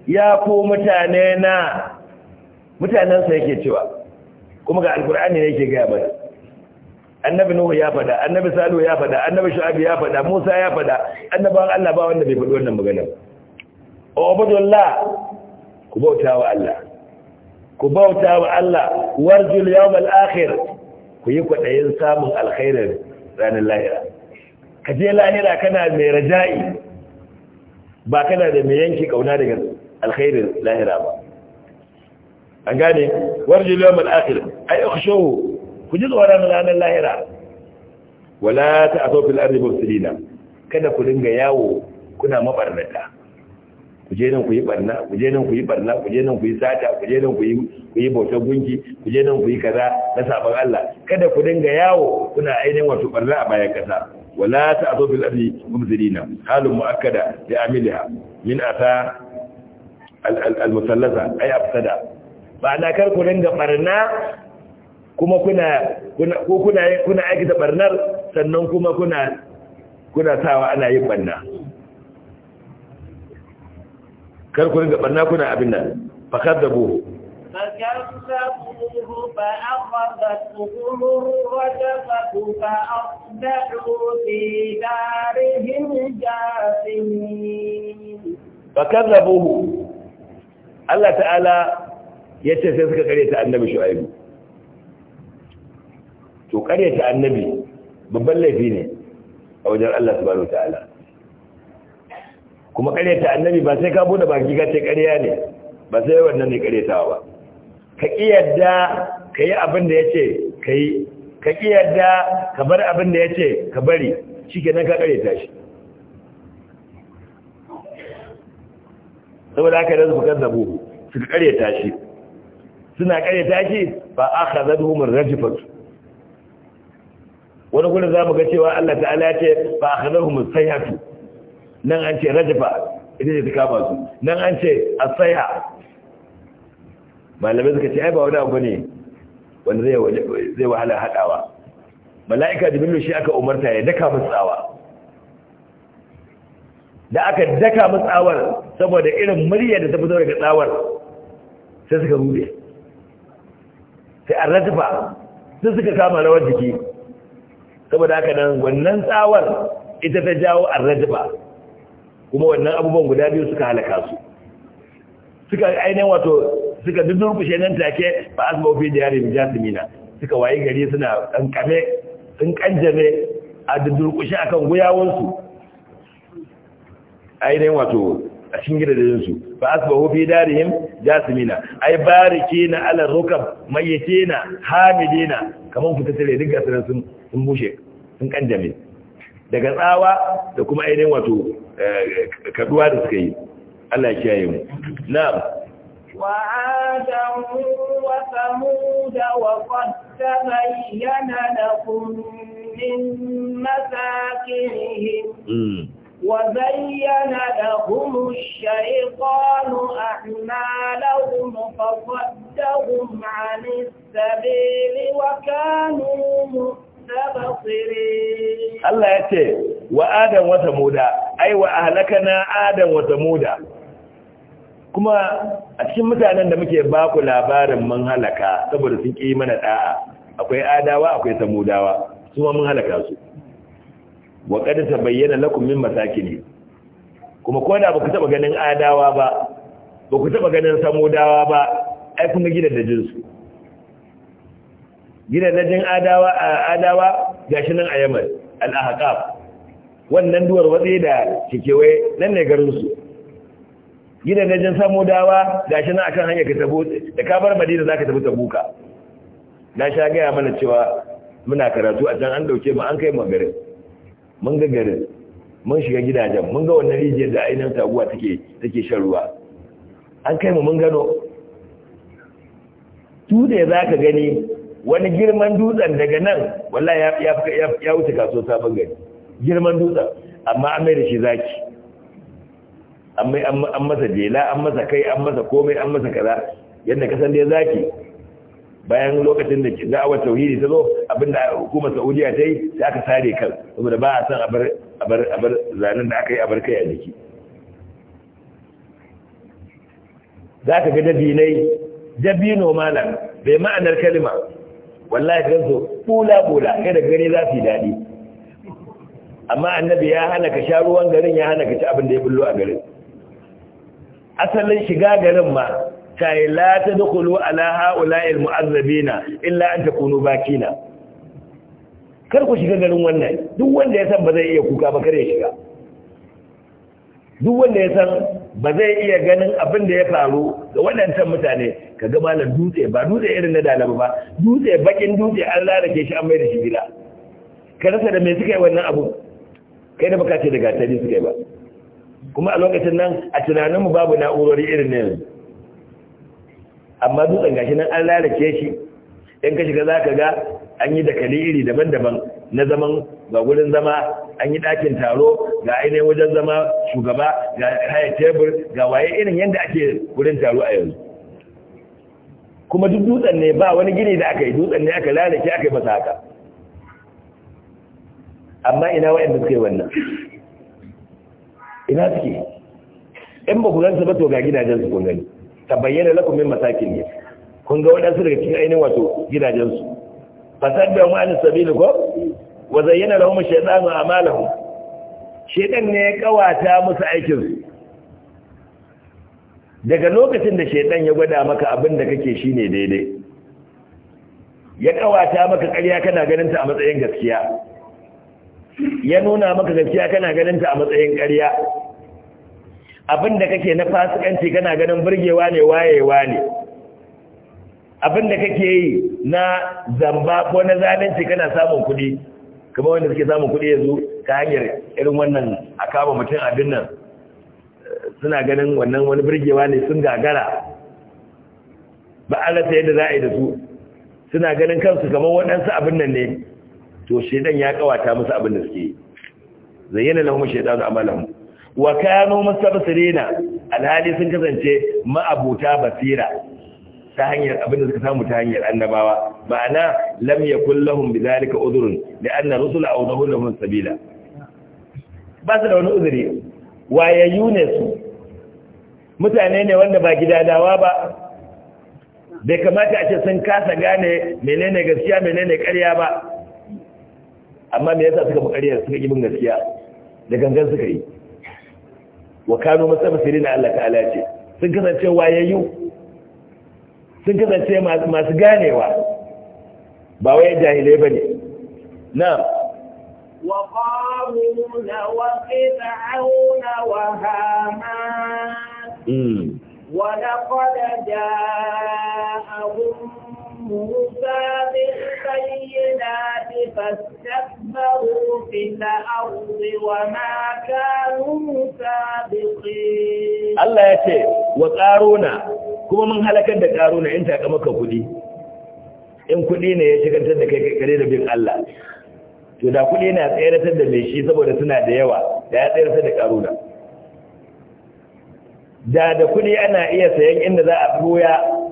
ya ku mutane na mutanensa yake cewa kuma ga alkur'ani ne yake gaya mana annabi nuhu ya fada annabi salihu ya fada annabi shu'aib ya fada musa ya fada annabawan Allah ba wanda bai fadi wannan magana ba ubudullah ku bauta wa Allah ku bauta wa Allah warjul yawmal akhir ku yi kwadayin samun alkhairin ranar lahira ka je lahira kana mai raja'i ba kana da mai yanki kauna daga alkhairin lahira ba an gane warjul yawmal akhir ay ukhshuhu ku ji tsoron ranar lahira wala ta aso fil ardi mufsidina kada ku dinga yawo kuna mabarnata ku je nan ku yi barna ku je nan ku yi barna ku je nan ku yi sata ku je nan ku yi ku yi bautar gunki ku je nan ku yi kaza na sabon Allah kada ku dinga yawo kuna ainihin wato barna a bayan kasa wala ta aso fil arzi mufsidina halun muakkada li amiliha min ata al-musallasa ay afsada ba na kar ku dinga barna kuma kuna ko kuna kuna da barnar sannan kuma kuna kuna sawa ana yin barna kar ku ringa barna kuna abin nan fa kadzabu فكذبوه فأخذتهم الرجفة فأصبحوا Allah ta'ala ya ce sai suka kare ta annabi shu'aibu to karyata annabi babban laifi ne a wajen Allah subhanahu ta'ala kuma karyata annabi ba sai ka bude baki ka ce karya ne ba sai wannan ne karyatawa ba ka kiyarda kai abin da yace kai ka kiyarda ka bar abin da yace ka bari shikenan ka karyata shi saboda haka da su kazzabu su karyata shi suna karyata shi a akhadhahum ar-rajfatu wani gudun za mu ga cewa Allah ta'ala ya ce ba a kanar mu sayatu nan an ce rajifa idan ce tuka kama su nan an ce a saya malamai suka ce ai ba wani abu ne wanda zai wahala haɗawa mala'ika jibrilu shi aka umarta ya daka matsawa da aka daka matsawar saboda irin murya da ta fito daga tsawar sai suka rube sai an rajifa sai suka kama rawar jiki saboda haka nan wannan tsawar ita ta jawo arrajba kuma wannan abubuwan guda biyu suka halaka su suka ainihin wato suka dudurkushe nan take ba asbau fi diyarin jasimina suka waye gari suna kankame sun ƙanjame a a kan guyawunsu ainihin wato a cikin ba da gidajensu jasimina, ai fi darihim jasmina ay barikina ala rukab mayitina hamidina kaman kamar fitattare duk gasaran sun sun bushe sun kanjame daga tsawa da kuma ainihin wato eh, kaduwa da suka yi Allah ya kiyaye mu na'am wa adamu wa samuda wa qadda bayyana lakum min masakinihim hmm. وزين لهم الشيطان أعمالهم فضدهم عن السبيل wa مؤمنين Allah ya ce wa adam wa samuda ai wa ahlakana adam wa samuda kuma a cikin mutanen da muke baku labarin mun halaka saboda sun ƙi mana da'a akwai adawa akwai samudawa su ma mun halaka su wa qad tabayyana lakum min masakin kuma ko da baku taba ganin adawa ba baka taba ganin samudawa ba ai kun ga gidan da jinsu gidajen adawa adawa gashi nan a Yamar, al-ahqaf wannan duwar watsi da cikewaye nan ne garinsu gidajen samo dawa ga shi nan akan hanyar ka tabo da ka bar madina za ka ta buka na sha gaya mana cewa muna karatu a can an dauke mu an kai mu garin mun ga garin mun shiga gidajen mun ga wannan rijiyar da ainihin taguwa take take shan ruwa an kai mu mun gano tu da za ka gani wani girman dutsen daga nan wala ya wuce kaso sabon gari girman dutsen amma an mai da shi zaki an masa jela an masa kai an masa komai an masa kaza yadda kasan da ya zaki bayan lokacin da da'awar tauhidi ta zo abinda hukumar saudiya ta yi sai aka sare kan saboda ba a san abar zanen da aka yi abar kai a jiki za ka ga dabinai dabino malam bai ma'anar kalima wallahi ka so bula bula kai da gare za su yi daɗi amma annabi ya hana ka sha ruwan garin ya hana ka ci abin da ya bullo a garin asalin shiga garin ma ta yi la ta dukulu ala ha'ula'il mu'azzabina illa an ta kunu bakina kar ku shiga garin wannan duk wanda ya san ba zai iya kuka ba kare shiga duk wanda ya san ba zai iya ganin abin da ya faru ga waɗancan mutane ka ga malam dutse ba dutse irin na dalaba ba dutse bakin dutse an lalake shi an mai da shi gida ka rasa da mai suka yi wannan abu kai da baka ce da gatari suka yi ba kuma a lokacin nan a tunaninmu babu na'urori irin na yanzu amma dutsen gashi nan an lalace shi in ka shiga za ka ga an yi dakali iri daban-daban na zaman ga wurin zama an yi ɗakin taro ga ainihin wajen zama shugaba ga haya tebur ga waye irin yadda ake wurin taro a yanzu kuma duk dutsen ne ba wani gini da aka yi dutsen ne aka lalace aka yi masa haka amma ina da suke wannan ina suke in ba ku ba to ga gidajen su kun gani ta bayyana lakumin masakin ne kun ga waɗansu daga cikin ainihin wato gidajensu fasar da wani sabili ko wa zayyana lahum shaytanu a'malahum shaytan ne ya kawata musu aikin su daga lokacin da shaytan ya gwada maka abin da kake shine daidai ya kawata maka ƙarya kana ganin ta a matsayin gaskiya ya nuna maka gaskiya kana ganin ta a matsayin ƙarya abin da kake na fasikanci kana ganin burgewa ne wayewa ne abin da kake yi na zamba ko na zalunci kana samun kuɗi kamar wanda suke samun kuɗi yanzu ta hanyar irin wannan a kama mutum abin nan suna ganin wannan wani birgewa ne sun gagara ba alata yadda za a yi da su suna ganin kansu kamar waɗansu abin nan ne to shaidan ya kawata musu abin da suke zayyana lahum shaidanu amalanmu wa kanu mustabsirina alhali sun kasance ma'abuta basira ta hanyar abin da suka samu ta hanyar annabawa ma'ana lam yakul lahum bidhalika udhrun li'anna rusula awdahu lahum sabila ba su da wani uzuri wayayyu ne su mutane ne wanda ba gidadawa ba bai kamata a ce sun kasa gane menene gaskiya menene ƙarya ba amma me yasa suka buƙariya suka yi bin gaskiya da gangan suka yi wa kano masabasirin Allah ta'ala ce sun kasance wayayyu sun kasance masu ganewa ba waya jahile ba ne na wa ƙamuna wa ƙita'auna wa hama wa ɗaƙoda موسى بالبينات فاستكبروا wa الأرض وما كانوا سابقين الله wa وقارونا kuma mun halakar da karuna in taka maka kudi in kudi ne ya shigantar da kai kare da bin Allah to da kudi na tsayaratar da me shi saboda suna da yawa da ya tsayaratar da karuna da da kudi ana iya sayan inda za a boya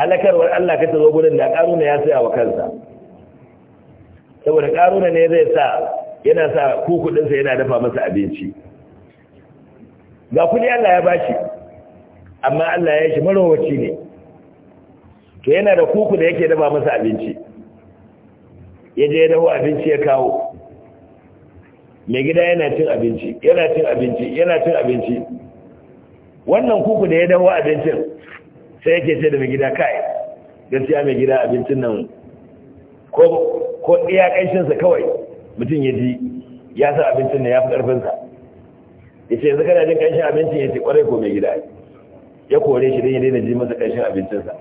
halakarwar Allah ka zo gudun da ƙaruna ya saya wa kansa saboda ƙaruna ne zai sa yana sa kukudinsa yana dafa masa abinci ga kudi Allah ya bashi amma Allah ya shi marowaci ne to yana da kuku da yake dafa masa abinci ya je ya dawo abinci ya kawo mai gida yana cin abinci yana cin abinci yana cin abinci wannan kuku da ya dawo abincin sai yake sai da mai gida kai gaskiya mai gida abincin nan ko iya sa kawai mutum ya ji ya sa abincin nan ya fi ƙarfinsa ya ce yanzu kana jin kaishin abincin ya ce ƙwarai ko mai gida ya kore shi don ya daina ji masa abincin abincinsa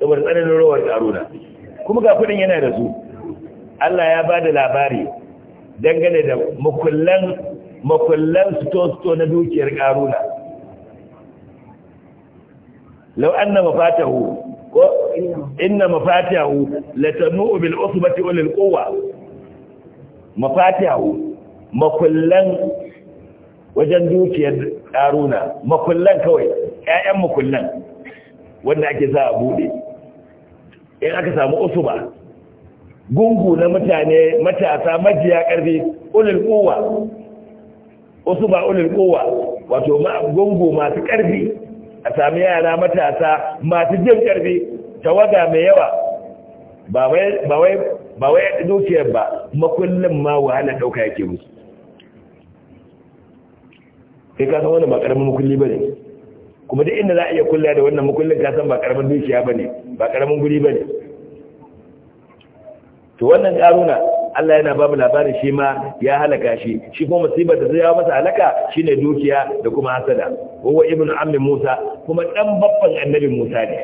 saboda tsananin rawar ƙaruna kuma ga kuɗin yana da su Allah ya ba da labari dangane da makullan makullan sito-sito na dukiyar ƙaruna law anna mafatahu ko inna mafatahu latanu bil usbati ulil quwwa mafatahu makullan wajen dukiyar karuna makullan kawai ƴaƴan makullan wanda ake sa a bude in aka samu usuba gungu na mutane matasa majiya karfi ulul quwwa usuba wato gungu masu ƙarfi. a sami yana matasa masu jin ƙarfi tawaga mai yawa ba wai dukiyar ba makullin ma wahala ɗauka yake musu sai kasan wani ba ƙaramin makulli ba ne kuma duk inda za a iya kulla da wannan makullin ka san ba ƙaramin dukiya ba ne ba ƙaramin guri ba ne to wannan ƙaruna Allah yana ba mu labarin shi ma ya halaka shi shi kuma musibar da zai yawo masa halaka shine dukiya da kuma hasada huwa ibnu ammi Musa kuma dan babban annabi Musa ne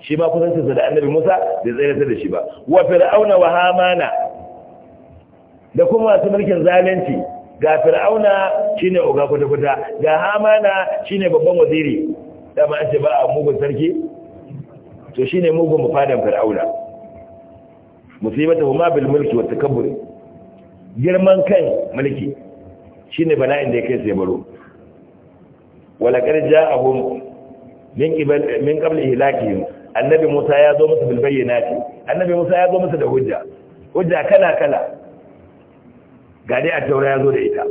shi ma kusancinsa da annabi Musa bai tsayar da shi ba wa fir'auna wa hamana da kuma masu mulkin zalunci ga fir'auna shine oga kwata-kwata ga hamana shine babban waziri ma an ce ba a mugun sarki to shine mugun mufadan fir'auna musibata huma bil mulki wa takabbur girman kai mulki shine bala'in da yake sai baro wala karja ahum min qibal min qabl ihlaki annabi Musa ya zo musu bil bayyinati annabi Musa ya zo musu da hujja hujja kala kala ga dai a taura ya zo da ita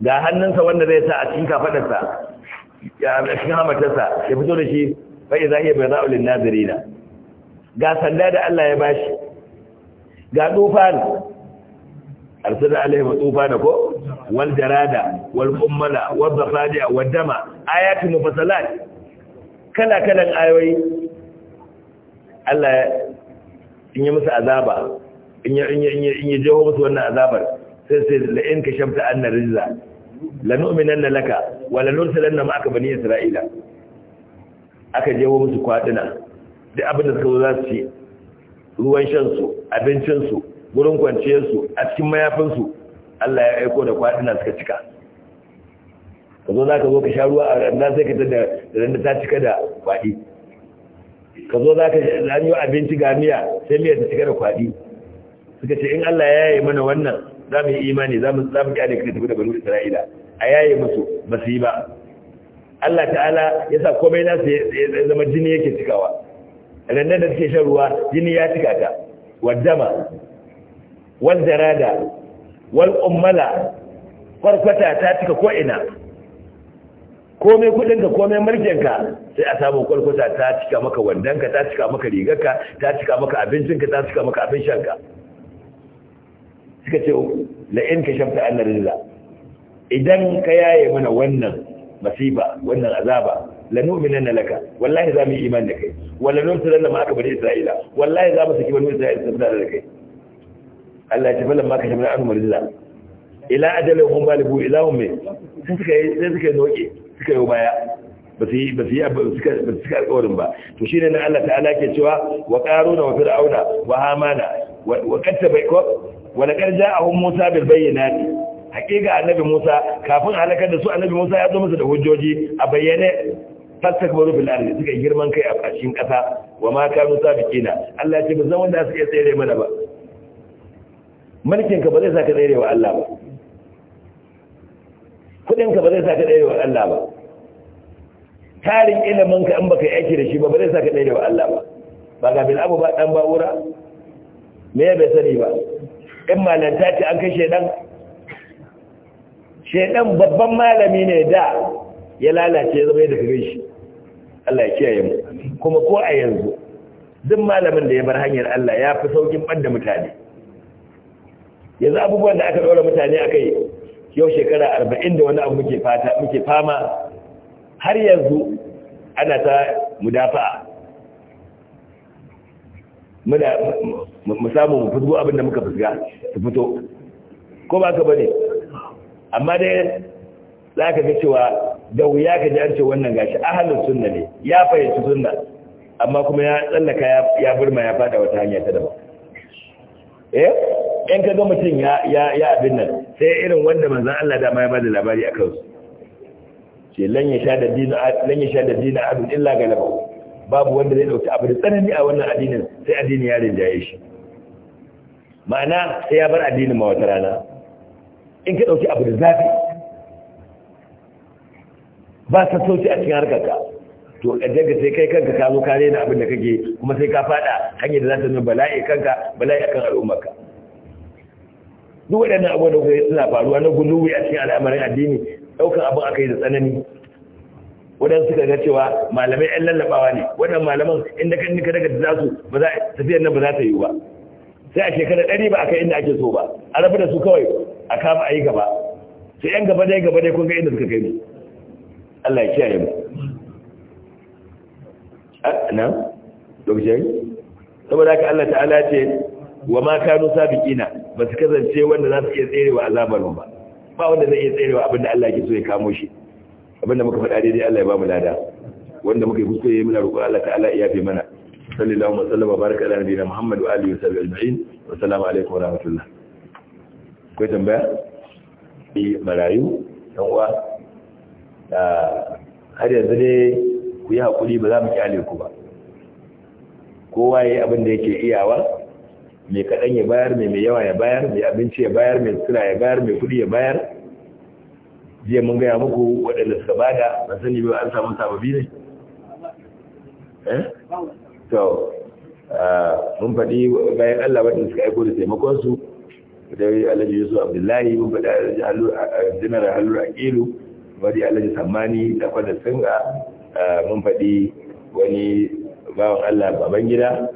ga hannunsa wanda zai sa a cikin kafadarsa ya cikin hamatarsa ya fito da shi fa'iza hiya bayda'u lin nazirina ga sanda da Allah ya bashi ga tufan arsala wa tufana ko wal jarada wal ummala wal zafadiya Wal dama ayatu mufassalat kala kalan ayoyi Allah in yi musu azaba in yi in yi in ya jeho musu wannan azabar sai sai la in kashamta anna rizza lanu'minanna laka wa lanursilanna ma'aka bani isra'ila aka jeho musu kwaduna da abin da suka zo za su ce ruwan shansu abincinsu wurin kwanciyarsu a cikin mayafinsu Allah ya aiko da kwaɗina suka cika ka zo za ka zo ka sha ruwa a randa sai ka tada randa ta cika da kwaɗi ka zo za ka zanyo abinci ga miya sai miya ta cika da kwaɗi suka ce in Allah ya yi mana wannan za mu yi imani za mu kyale ka tafi da banu isra'ila a yaye musu ba su yi ba Allah ta'ala ya sa komai nasu ya zama jini yake cikawa rannan da suke shan ruwa jini ya cika ta wadama wal jarada wal ummala farkwata ta cika ko ina komai kudinka komai mulkinka sai a samu kwalkwata ta cika maka wandanka ta cika maka rigarka ta cika maka abincinka ta cika maka abin shanka suka ce la'in ka shafi annar rila idan ka yaye mana wannan masifa wannan azaba lanu'minan laka wallahi za mu yi imani da kai wala tsara ma aka bari isra'ila wallahi za mu saki bani isra'ila saboda da kai Allah ya falan ma ka shamna anhum rizla ila adala hum balibu ila ummi sai suka yi sai suka doke suka yi baya ba su yi ba su yi suka suka alƙawarin ba to shine nan Allah ta'ala ke cewa wa qaruna wa fir'auna wa hamana wa kattaba ko wa laqad ja'ahum musa bil bayyinati haƙiƙa annabi musa kafin halakar da su annabi musa ya zo masa da hujjoji a bayyane fastakbaru bil ardi suka girman kai a cikin kasa wa ma kanu sabiqina Allah ya ce bazan wanda suke tsere mana ba mulkin ka ba zai saka tsere wa Allah ba kudin ka ba zai saka tsere wa Allah ba tarin ilimin ka an baka yake aiki da shi ba ba zai saka tsere wa Allah ba ba ga bil abu ba dan ba'ura me ya bai sani ba in malanta ce an kai shedan shedan babban malami ne da ya lalace ya zama yadda kare shi Allah ya kiyaye mu kuma ko a yanzu duk malamin da ya bar hanyar Allah ya fi saukin banda mutane yanzu abubuwan da aka ɗora mutane a kai yau shekara arba'in da wani abu muke fata muke fama har yanzu ana ta mudafa'a muna mu samu mu abin da muka fuska su fito ko ba ka bane amma dai za ka ga cewa da wuya ka ji an ce wannan gashi ahalin sunna ne ya fahimci sunna amma kuma ya tsallaka ya burma ya fada wata hanya ta daban eh in ka ga mutum ya ya ya abin nan sai irin wanda manzon Allah da ma ya bada labari akan su ce lan ya sha da dinu lan ya sha da dinu abin illa galaba babu wanda zai dauki abu da tsanani a wannan addinin sai addini ya rinjaye shi ma'ana sai ya bar addinin ma wata rana in ka dauki abu da zafi ba ta sauci a cikin harkar ka to ka sai kai kanka ka zo ka rena abin da kake kuma sai ka fada hanyar da za ta nuna bala'i kanka bala'i akan ka duk waɗannan abubuwan da yi suna faruwa na guluwi a cikin al'amarin addini ɗaukar abin aka yi da tsanani waɗansu suka ga cewa malamai ɗan lallaɓawa ne waɗannan malaman inda kan nika daga za su ba za tafiyar nan ba za ta yi ba sai a shekara ɗari ba a kai inda ake so ba a rabu da su kawai a kama a yi gaba sai ƴan gaba dai gaba dai kun ga inda suka kai ne Allah ya kiyaye mu ah, na lokaci saboda haka Allah ta'ala ce wa ma kanu sabiqina ba su kasance wanda za su iya tserewa azabar ba ba wanda zai iya tserewa abinda Allah ke so ya kamo shi abinda muka faɗa daidai Allah ya ba mu lada wanda muka yi kuskure ya muna roƙon Allah ta'ala ya fi mana sallallahu alaihi wa sallam baraka ala nabiyina Muhammad wa alihi wa sallam ajma'in wa salamu alaikum wa rahmatullah ko tambaya bi eh, marayu dan uwa Eh, har yanzu dai ku yi haƙuri ba za mu kyale ku ba kowa ya yi abin da yake iyawa mai kaɗan ya bayar mai mai yawa ya bayar mai abinci ya bayar mai sura ya bayar mai kuɗi ya bayar jiya mun gaya muku waɗanda suka bada Ban sani ba an samu sababi ne eh? to eh, mun faɗi bayan Allah waɗanda suka aiko da taimakonsu da alhaji yusuf abdullahi mun faɗi a janar halur akilu bari ya sammani da fadar singa mun faɗi wani bawan allah baban gida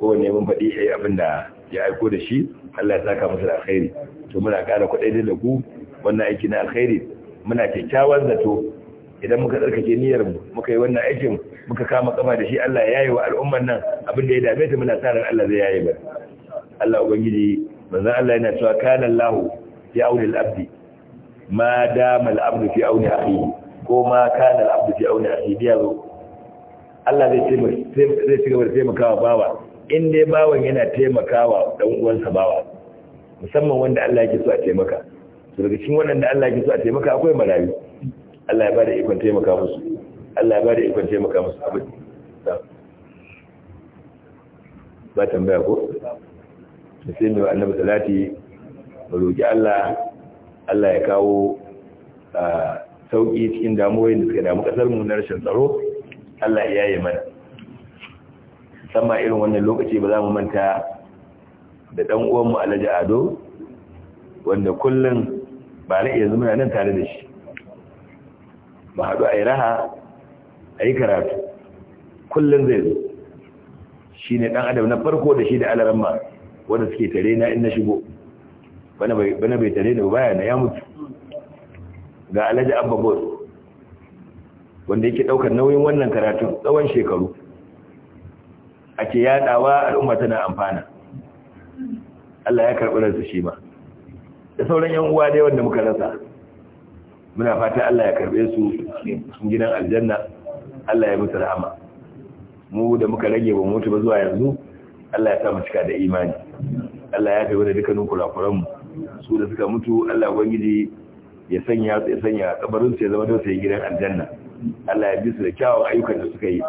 ne mun faɗi ya abinda ya aiko da shi allah ya saka masa alkhairi to muna kara kuɗe da lagu wannan aiki na alkhairi muna kyakkyawan zato idan muka tsarkake niyyar mu muka yi wannan aikin muka kama kama da shi Allah ya yi wa al'umman nan abinda ya dame ta muna ran Allah zai yayi ba Allah ubangiji manzon Allah yana cewa kana Allah ya auli al-abdi ma dama al'abdu fi auni akhihi ko ma kana al'abdu fi auni akhihi ya zo Allah zai ce zai shiga wurin taimakawa bawa in dai bawan yana taimakawa dan uwansa bawa musamman wanda Allah yake so a taimaka to daga cikin wanda Allah yake so a taimaka akwai marayu Allah ya bada ikon taimaka musu Allah ya bada ikon taimaka musu abin ba tambaya ko sai wa annabi salati mu Allah Allah ya kawo sauƙi cikin damuwoyin da suka damu mu na rashin tsaro Allah ya yi mana sama irin wannan lokaci ba za mu manta da ɗan uwanmu alhaji ado wanda kullum ba na iya zama nan tare da shi ba haɗu a yi raha a yi karatu kullum zai zo shi ne ɗan adam na farko da shi da alaramma wanda suke tare na in na shigo bana bai tare da baya na ya mutu ga alhaji abba bos wanda yake daukar nauyin wannan karatun tsawon shekaru ake yadawa al'umma tana amfana Allah ya karɓi ransu shi ma da sauran yan uwa dai wanda muka rasa muna fata Allah ya karɓe su sun gidan aljanna Allah ya musu rahama mu da muka rage ba mutu ba zuwa yanzu Allah ya sa mu cika da imani Allah ya fi wani dukkanin kurakuranmu su da suka mutu Allah ubangiji ya sanya ya sanya kabarin su ya zama dausayin gidan aljanna Allah ya bi su da kyawun ayyukan da suka yi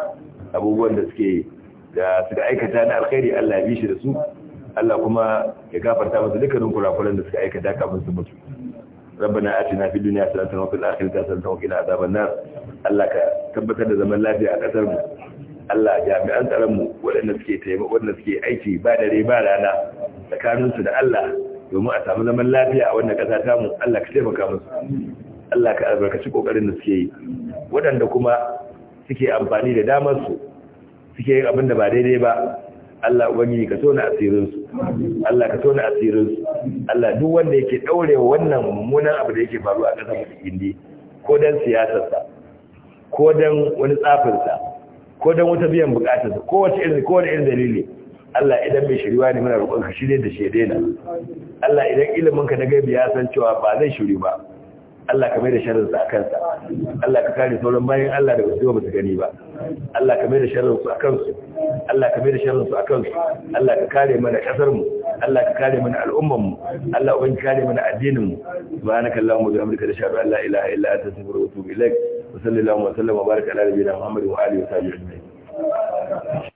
abubuwan da suke da suka aikata na alkhairi Allah ya bi shi da su Allah kuma ya gafarta musu dukkanin kurakuran da suka aikata kafin su mutu ربنا آتنا في الدنيا حسنة وفي الآخرة حسنة وقنا عذاب النار Allah ka tabbatar da zaman lafiya a kasar mu Allah jami'an tsaron mu waɗanda suke taimako waɗanda suke aiki ba dare ba rana tsakaninsu da Allah domin a samu zaman lafiya a wannan ƙasa tamu Allah ka taimaka musu Allah ka albarkaci kokarin da suke yi waɗanda kuma suke amfani da damar su suke yin abin da ba daidai ba Allah ubangiji ka tona asirin su Allah ka tona asirin su Allah duk wanda yake daurewa wannan mummunan abu da yake faruwa a ƙasar Hindi ko dan siyasarsa ko dan wani sa ko dan wata biyan bukatarsa ko wace irin ko wani irin dalili Allah idan mai shiriwa ne muna roƙon shi ne da shi daina Allah idan ilimin ka na gaibi ya san cewa ba zai shiri ba Allah ka mai da sharrin a kansa Allah ka kare sauran bayan Allah da wasu ba su gani ba Allah ka mai da sharrin a kansu. Allah ka mai da sharrin a kansu. Allah ka kare mana ƙasarmu. Allah ka kare mana al'umman mu Allah ka kare mana addinin mu subhanakallahumma wa bihamdika ashhadu an la ilaha illa anta astaghfiruka wa atubu ilaik wa sallallahu wa sallam wa baraka ala nabiyyina Muhammad wa alihi wa sahbihi ajma'in